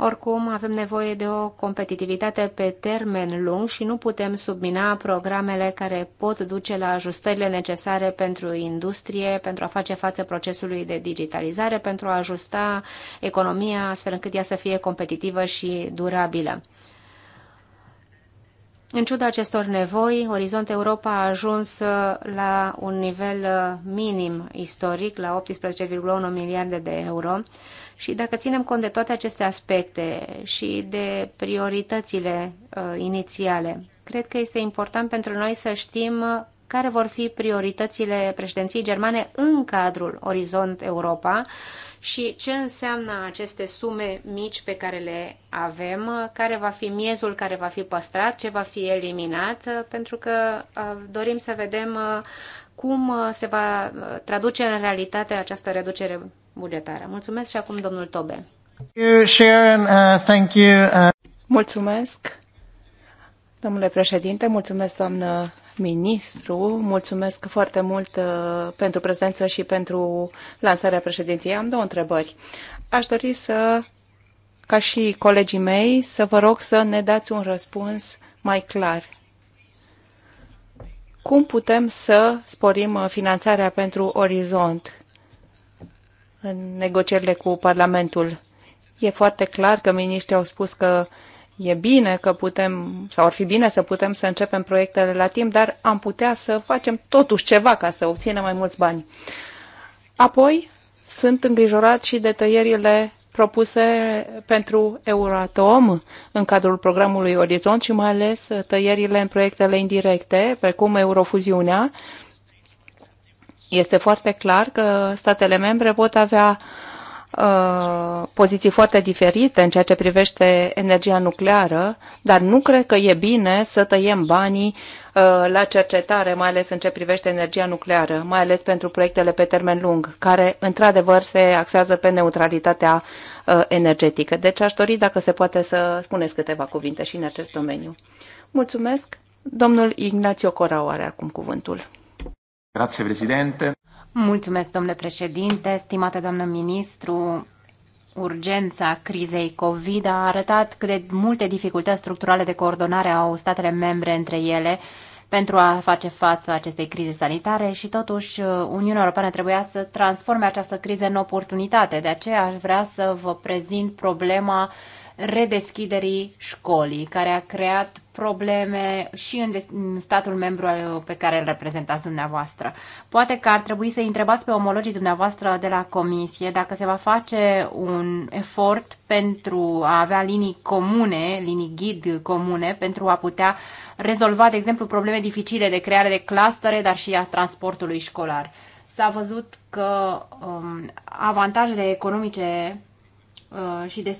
Oricum, avem nevoie de o competitivitate pe termen lung și nu putem submina programele care pot duce la ajustările necesare pentru industrie, pentru a face față procesului de digitalizare, pentru a ajusta economia astfel încât ea să fie competitivă și durabilă. În ciuda acestor nevoi, Orizont Europa a ajuns la un nivel minim istoric, la 18,1 miliarde de euro, și dacă ținem cont de toate aceste aspecte și de prioritățile uh, inițiale, cred că este important pentru noi să știm uh, care vor fi prioritățile președinției germane în cadrul Orizont Europa și ce înseamnă aceste sume mici pe care le avem, uh, care va fi miezul care va fi păstrat, ce va fi eliminat, uh, pentru că dorim să vedem cum se va traduce în realitate această reducere bugetară. Mulțumesc și acum domnul Tobe. Sharon, thank you. Uh, uh, mulțumesc, domnule președinte, mulțumesc, doamnă ministru, mulțumesc foarte mult uh, pentru prezență și pentru lansarea președinției. Am două întrebări. Aș dori să, ca și colegii mei, să vă rog să ne dați un răspuns mai clar cum putem să sporim finanțarea pentru Orizont în negocierile cu Parlamentul. E foarte clar că miniștrii au spus că e bine că putem, sau ar fi bine să putem să începem proiectele la timp, dar am putea să facem totuși ceva ca să obținem mai mulți bani. Apoi, sunt îngrijorat și de tăierile propuse pentru Euratom în cadrul programului Orizont și mai ales tăierile în proiectele indirecte, precum Eurofuziunea, este foarte clar că statele membre pot avea uh, poziții foarte diferite în ceea ce privește energia nucleară, dar nu cred că e bine să tăiem banii uh, la cercetare, mai ales în ce privește energia nucleară, mai ales pentru proiectele pe termen lung, care într-adevăr se axează pe neutralitatea uh, energetică. Deci aș dori dacă se poate să spuneți câteva cuvinte și în acest domeniu. Mulțumesc! Domnul Ignațio Corau are acum cuvântul. Grazie, Mulțumesc, domnule președinte, stimată doamnă ministru. Urgența crizei COVID a arătat cât de multe dificultăți structurale de coordonare au statele membre între ele pentru a face față acestei crize sanitare și totuși uh, Uniunea Europeană trebuia să transforme această criză în oportunitate. De aceea aș vrea să vă prezint problema uh, redeschiderii școlii, care a creat probleme și în, în statul membru pe care îl reprezentați dumneavoastră. Poate că ar trebui să întrebați pe omologii dumneavoastră de la comisie dacă se va face un efort pentru a avea linii comune, linii ghid comune, pentru a putea rezolva, de exemplu, probleme dificile de creare de clustere, dar și a transportului școlar. S-a văzut că um, avantajele economice Uh, și de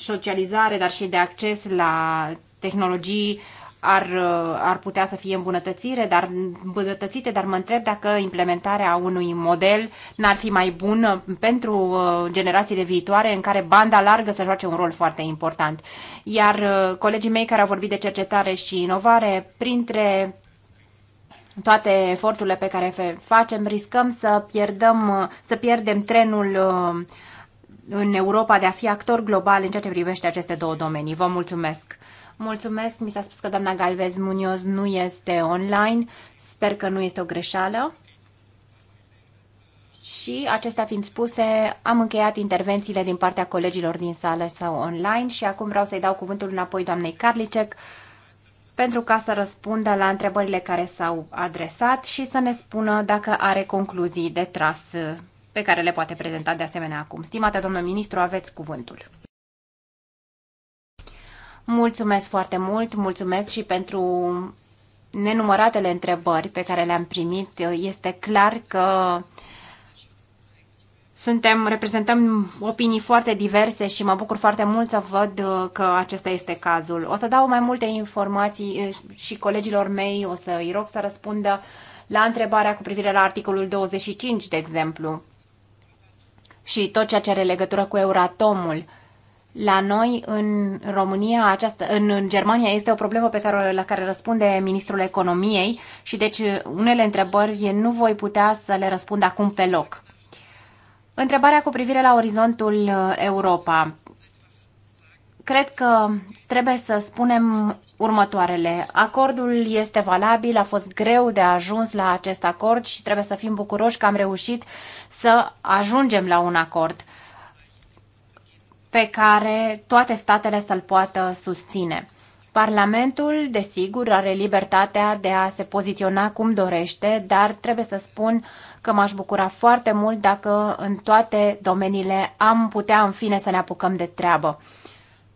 socializare, dar și de acces la tehnologii ar, uh, ar putea să fie îmbunătățire, dar îmbunătățite, dar mă întreb dacă implementarea unui model n-ar fi mai bună pentru uh, generațiile viitoare în care banda largă să joace un rol foarte important. Iar colegii mei care au vorbit de cercetare și inovare, printre toate eforturile pe care facem, riscăm să pierdem, să pierdem trenul uh, în Europa de a fi actor global în ceea ce privește aceste două domenii. Vă mulțumesc! Mulțumesc, mi s-a spus că doamna Galvez Munoz nu este online, sper că nu este o greșeală. Și acestea fiind spuse, am încheiat intervențiile din partea colegilor din sală sau online și acum vreau să-i dau cuvântul înapoi doamnei Carlicek pentru ca să răspundă la întrebările care s-au adresat și să ne spună dacă are concluzii de tras pe care le poate prezenta de asemenea acum. Stimate domnul ministru, aveți cuvântul. Mulțumesc foarte mult, mulțumesc și pentru nenumăratele întrebări pe care le-am primit. Este clar că suntem, reprezentăm opinii foarte diverse și mă bucur foarte mult să văd că acesta este cazul. O să dau mai multe informații eh, și colegilor mei, o să îi rog să răspundă la întrebarea cu privire la articolul 25, de exemplu și tot ceea ce are legătură cu Euratomul. La noi, în România, această, în, în Germania, este o problemă pe care, la care răspunde Ministrul Economiei și deci unele întrebări nu voi putea să le răspund acum pe loc. Întrebarea cu privire la orizontul uh, Europa. Cred că trebuie să spunem următoarele. Acordul este valabil, a fost greu de ajuns la acest acord și trebuie să fim bucuroși că am reușit să ajungem la un acord pe care toate statele să-l poată susține. Parlamentul, desigur, are libertatea de a se poziționa cum dorește, dar trebuie să spun că m-aș bucura foarte mult dacă în toate domeniile am putea în fine să ne apucăm de treabă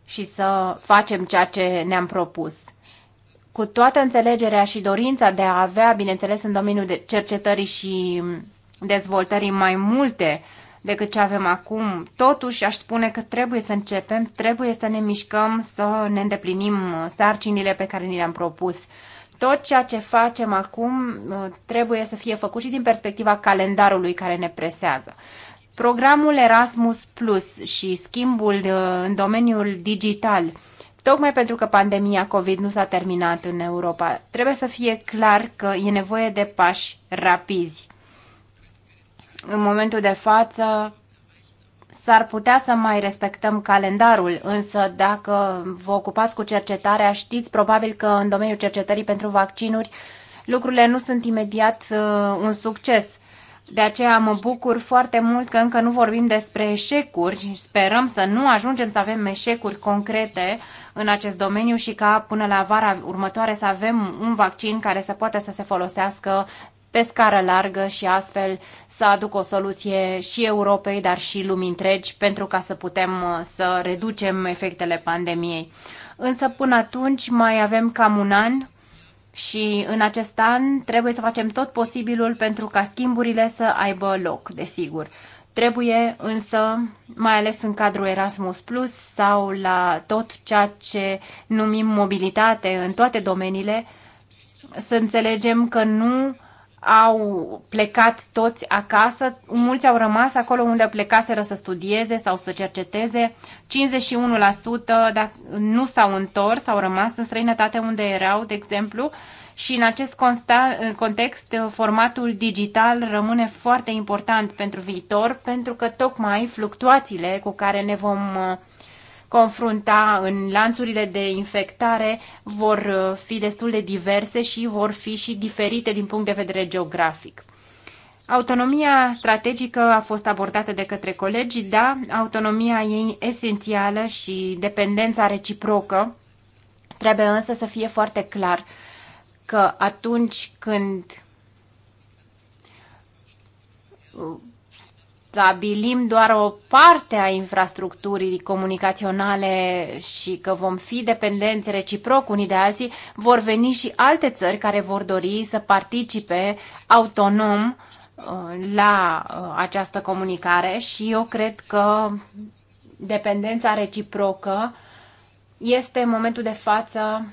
și să facem ceea ce ne-am propus. Cu toată înțelegerea și dorința de a avea, bineînțeles, în domeniul de cercetării și dezvoltării mai multe decât ce avem acum. Totuși, aș spune că trebuie să începem, trebuie să ne mișcăm, să ne îndeplinim uh, sarcinile pe care ni le-am propus. Tot ceea ce facem acum uh, trebuie să fie făcut și din perspectiva calendarului care ne presează. Programul Erasmus Plus și schimbul uh, în domeniul digital tocmai pentru că pandemia COVID nu s-a terminat în Europa. Trebuie să fie clar că e nevoie de pași rapizi în momentul de față s-ar putea să mai respectăm calendarul, însă dacă vă ocupați cu cercetarea, știți probabil că în domeniul cercetării pentru vaccinuri lucrurile nu sunt imediat uh, un succes. De aceea mă bucur foarte mult că încă nu vorbim despre eșecuri. Sperăm să nu ajungem să avem eșecuri concrete în acest domeniu și ca până la vara următoare să avem un vaccin care să poată să se folosească pe scară largă și astfel să aduc o soluție și Europei, dar și lumii întregi pentru ca să putem uh, să reducem efectele pandemiei. Însă până atunci mai avem cam un an și în acest an trebuie să facem tot posibilul pentru ca schimburile să aibă loc, desigur. Trebuie însă, mai ales în cadrul Erasmus Plus sau la tot ceea ce numim mobilitate în toate domeniile, să înțelegem că nu au plecat toți acasă, mulți au rămas acolo unde plecaseră să studieze sau să cerceteze, 51% dacă nu s-au întors, au rămas în străinătate unde erau, de exemplu, și în acest context formatul digital rămâne foarte important pentru viitor, pentru că tocmai fluctuațiile cu care ne vom confrunta în lanțurile de infectare vor uh, fi destul de diverse și vor fi și diferite din punct de vedere geografic. Autonomia strategică a fost abordată de către colegi, da, autonomia e esențială și dependența reciprocă. Trebuie însă să fie foarte clar că atunci când uh, stabilim doar o parte a infrastructurii comunicaționale și că vom fi dependenți reciproc unii de alții, vor veni și alte țări care vor dori să participe autonom uh, la uh, această comunicare și eu cred că dependența reciprocă este în momentul de față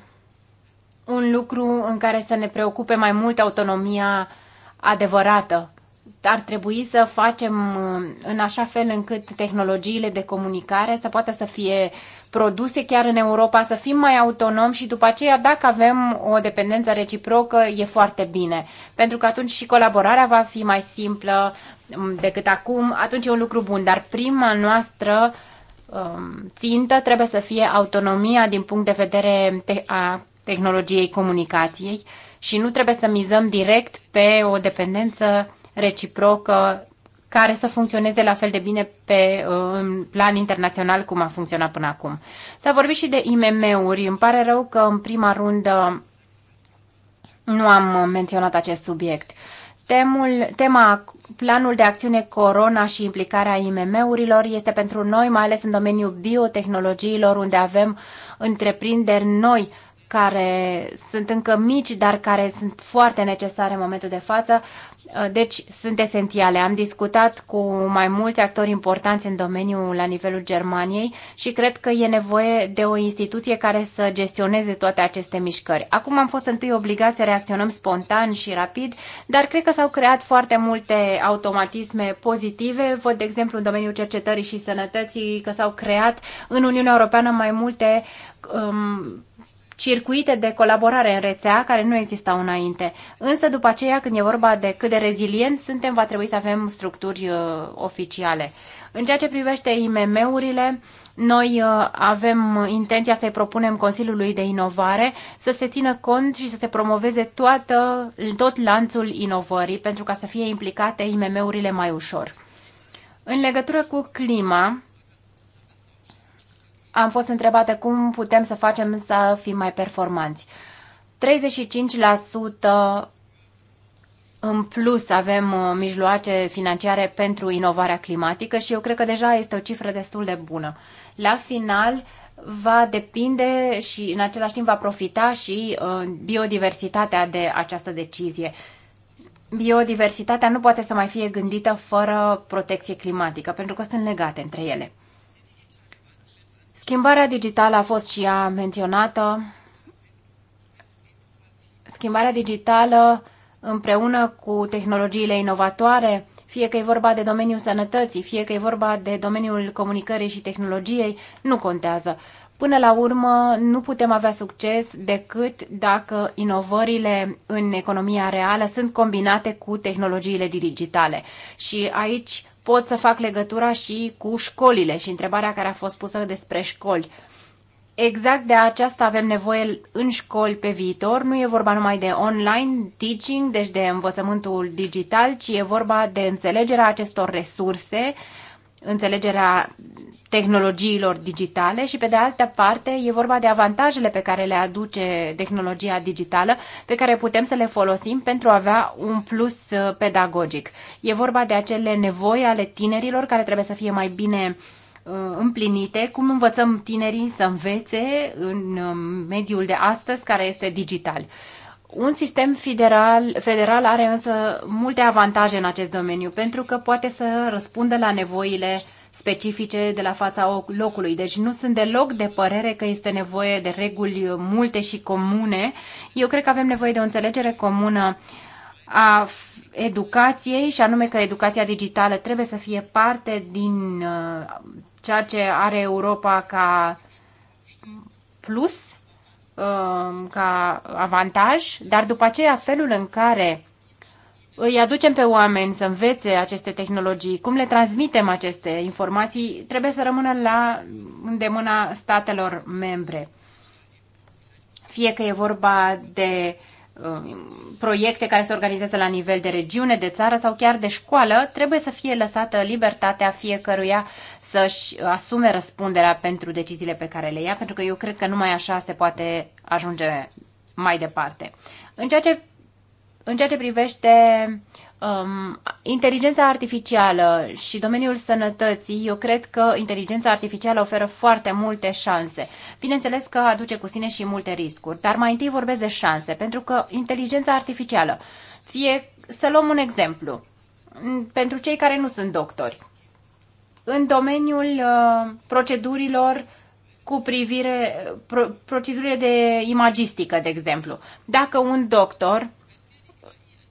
un lucru în care să ne preocupe mai mult autonomia adevărată ar trebui să facem uh, în așa fel încât tehnologiile de comunicare să poată să fie produse chiar în Europa, să fim mai autonomi și după aceea, dacă avem o dependență reciprocă, e foarte bine. Pentru că atunci și colaborarea va fi mai simplă um, decât acum, atunci e un lucru bun, dar prima noastră um, țintă trebuie să fie autonomia din punct de vedere a tehnologiei comunicației și nu trebuie să mizăm direct pe o dependență reciprocă care să funcționeze la fel de bine pe uh, în plan internațional cum a funcționat până acum. S-a vorbit și de IMM-uri. Îmi pare rău că în prima rundă nu am menționat acest subiect. Temul, tema planul de acțiune Corona și implicarea IMM-urilor este pentru noi, mai ales în domeniul biotehnologiilor, unde avem întreprinderi noi care sunt încă mici, dar care sunt foarte necesare în momentul de față, uh, deci sunt esențiale. Am discutat cu mai mulți actori importanți în domeniu la nivelul Germaniei și cred că e nevoie de o instituție care să gestioneze toate aceste mișcări. Acum am fost întâi obligați să reacționăm spontan și rapid, dar cred că s-au creat foarte multe automatisme pozitive. Văd, de exemplu, în domeniul cercetării și sănătății că s-au creat în Uniunea Europeană mai multe um, circuite de colaborare în rețea care nu existau înainte. Însă după aceea, când e vorba de cât de rezilienți suntem, va trebui să avem structuri uh, oficiale. În ceea ce privește IMM-urile, noi uh, avem intenția să-i propunem Consiliului de Inovare să se țină cont și să se promoveze toată, tot lanțul inovării pentru ca să fie implicate IMM-urile mai ușor. În legătură cu clima, am fost întrebate cum putem să facem să fim mai performanți. 35% în plus avem uh, mijloace financiare pentru inovarea climatică și eu cred că deja este o cifră destul de bună. La final va depinde și în același timp va profita și uh, biodiversitatea de această decizie. Biodiversitatea nu poate să mai fie gândită fără protecție climatică, pentru că sunt legate între ele. Schimbarea digitală a fost și ea menționată. Schimbarea digitală împreună cu tehnologiile inovatoare, fie că e vorba de domeniul sănătății, fie că e vorba de domeniul comunicării și tehnologiei, nu contează. Până la urmă, nu putem avea succes decât dacă inovările în economia reală sunt combinate cu tehnologiile digitale. Și aici pot să fac legătura și cu școlile și întrebarea care a fost pusă despre școli. Exact de aceasta avem nevoie în școli pe viitor. Nu e vorba numai de online teaching, deci de învățământul digital, ci e vorba de înțelegerea acestor resurse, înțelegerea tehnologiilor digitale și, pe de altă parte, e vorba de avantajele pe care le aduce tehnologia digitală, pe care putem să le folosim pentru a avea un plus uh, pedagogic. E vorba de acele nevoi ale tinerilor care trebuie să fie mai bine uh, împlinite, cum învățăm tinerii să învețe în um, mediul de astăzi care este digital. Un sistem federal, federal are însă multe avantaje în acest domeniu, pentru că poate să răspundă la nevoile uh, specifice de la fața locului. Deci nu sunt deloc de părere că este nevoie de reguli multe și comune. Eu cred că avem nevoie de o înțelegere comună a educației și anume că educația digitală trebuie să fie parte din uh, ceea ce are Europa ca plus, uh, ca avantaj, dar după aceea felul în care îi aducem pe oameni să învețe aceste tehnologii, cum le transmitem aceste informații, trebuie să rămână la îndemâna statelor membre. Fie că e vorba de um, proiecte care se organizează la nivel de regiune, de țară sau chiar de școală, trebuie să fie lăsată libertatea fiecăruia să-și asume răspunderea pentru deciziile pe care le ia, pentru că eu cred că numai așa se poate ajunge mai departe. În ceea ce în ceea ce privește um, inteligența artificială și domeniul sănătății, eu cred că inteligența artificială oferă foarte multe șanse. Bineînțeles că aduce cu sine și multe riscuri, dar mai întâi vorbesc de șanse, pentru că inteligența artificială, fie să luăm un exemplu, pentru cei care nu sunt doctori, în domeniul uh, procedurilor cu privire, pro, procedurile de imagistică, de exemplu. Dacă un doctor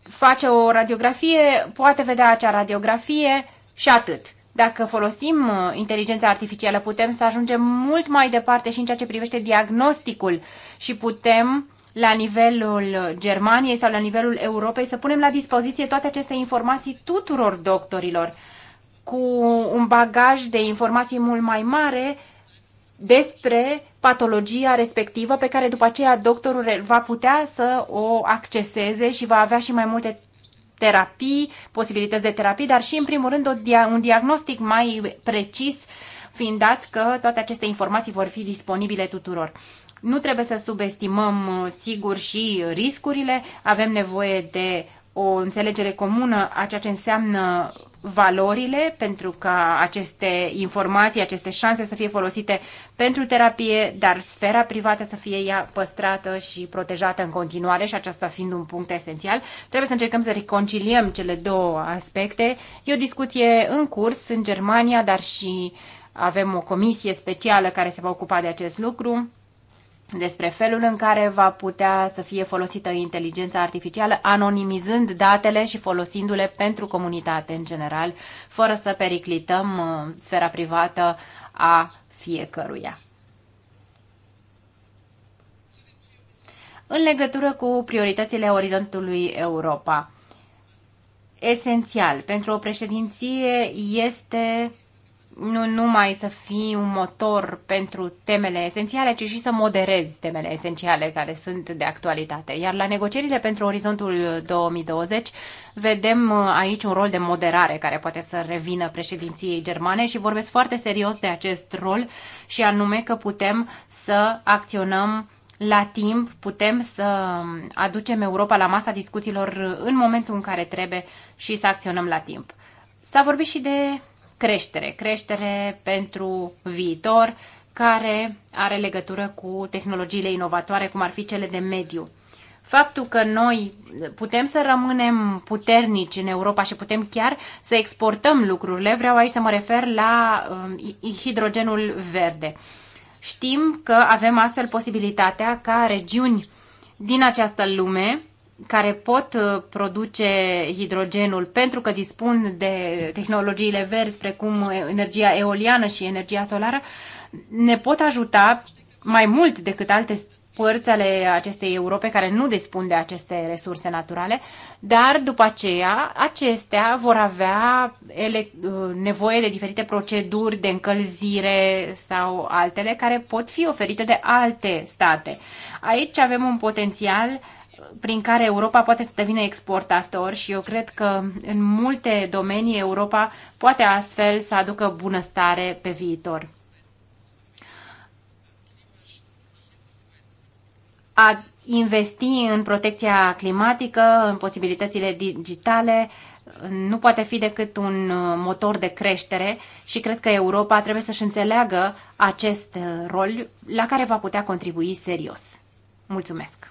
face o radiografie, poate vedea acea radiografie și atât. Dacă folosim uh, inteligența artificială, putem să ajungem mult mai departe și în ceea ce privește diagnosticul și putem la nivelul Germaniei sau la nivelul Europei să punem la dispoziție toate aceste informații tuturor doctorilor cu un bagaj de informații mult mai mare despre patologia respectivă pe care după aceea doctorul va putea să o acceseze și va avea și mai multe terapii, posibilități de terapii, dar și în primul rând un diagnostic mai precis fiind dat că toate aceste informații vor fi disponibile tuturor. Nu trebuie să subestimăm, sigur, și riscurile. Avem nevoie de o înțelegere comună a ceea ce înseamnă valorile pentru ca aceste informații, aceste șanse să fie folosite pentru terapie, dar sfera privată să fie ea păstrată și protejată în continuare și aceasta fiind un punct esențial. Trebuie să încercăm să reconciliem cele două aspecte. E o discuție în curs în Germania, dar și avem o comisie specială care se va ocupa de acest lucru despre felul în care va putea să fie folosită inteligența artificială, anonimizând datele și folosindu-le pentru comunitate în general, fără să periclităm uh, sfera privată a fiecăruia. În legătură cu prioritățile orizontului Europa, esențial pentru o președinție este nu numai să fii un motor pentru temele esențiale, ci și să moderezi temele esențiale care sunt de actualitate. Iar la negocierile pentru orizontul 2020 vedem uh, aici un rol de moderare care poate să revină președinției germane și vorbesc foarte serios de acest rol și anume că putem să acționăm la timp, putem să um, aducem Europa la masa discuțiilor în momentul în care trebuie și să acționăm la timp. S-a vorbit și de creștere, creștere pentru viitor, care are legătură cu tehnologiile inovatoare, cum ar fi cele de mediu. Faptul că noi putem să rămânem puternici în Europa și putem chiar să exportăm lucrurile, vreau aici să mă refer la um, hidrogenul verde. Știm că avem astfel posibilitatea ca regiuni din această lume care pot uh, produce hidrogenul pentru că dispun de tehnologiile verzi precum energia eoliană și energia solară, ne pot ajuta mai mult decât alte părți ale acestei Europe care nu dispun de aceste resurse naturale, dar după aceea acestea vor avea ele, uh, nevoie de diferite proceduri de încălzire sau altele care pot fi oferite de alte state. Aici avem un potențial uh, prin care Europa poate să devină exportator și eu cred că în multe domenii Europa poate astfel să aducă bunăstare pe viitor. A investi în protecția climatică, în posibilitățile digitale, nu poate fi decât un uh, motor de creștere și cred că Europa trebuie să-și înțeleagă acest uh, rol la care va putea contribui serios. Mulțumesc!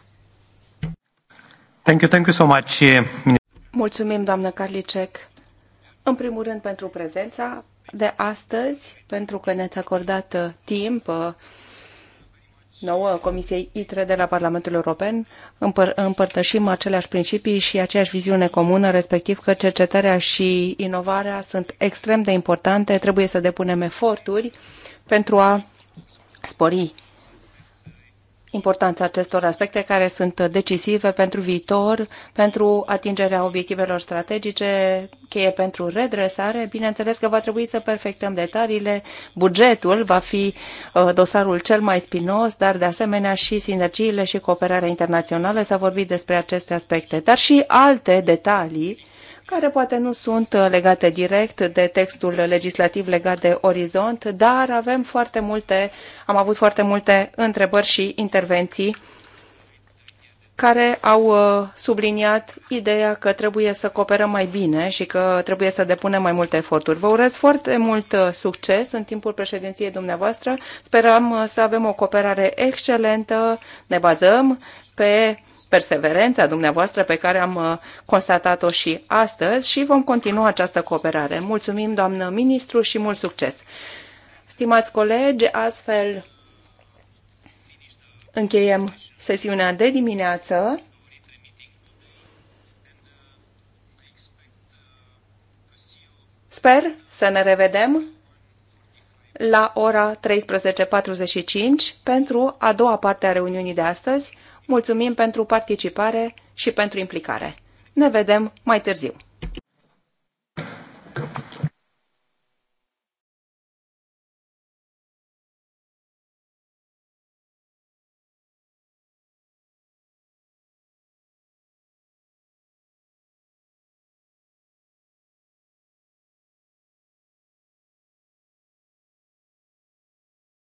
Thank you, thank you so much. Eh, Mulțumim, doamnă Carlicek, în primul rând pentru prezența de astăzi, pentru că ne-ați acordat eh, timp eh, nouă Comisiei ITRE de la Parlamentul European. Împăr- împărtășim aceleași principii și aceeași viziune comună, respectiv că cercetarea și inovarea sunt extrem de importante, trebuie să depunem eforturi pentru a spori importanța acestor aspecte care sunt decisive pentru viitor, pentru atingerea obiectivelor strategice, cheie pentru redresare. Bineînțeles că va trebui să perfectăm detaliile. Bugetul va fi uh, dosarul cel mai spinos, dar de asemenea și sinergiile și cooperarea internațională. S-a vorbit despre aceste aspecte, dar și alte detalii care poate nu sunt uh, legate direct de textul legislativ legat de Orizont, dar avem foarte multe, am avut foarte multe întrebări și intervenții care au uh, subliniat ideea că trebuie să cooperăm mai bine și că trebuie să depunem mai multe eforturi. Vă urez foarte mult uh, succes în timpul președinției dumneavoastră. Sperăm să avem o cooperare excelentă. Ne bazăm pe perseverența dumneavoastră pe care am uh, constatat-o și astăzi și vom continua această cooperare. Mulțumim, doamnă ministru, și mult succes! Stimați colegi, astfel încheiem sesiunea de dimineață. Sper să ne revedem la ora 13.45 pentru a doua parte a reuniunii de astăzi, Mulțumim pentru participare și pentru implicare. Ne vedem mai târziu.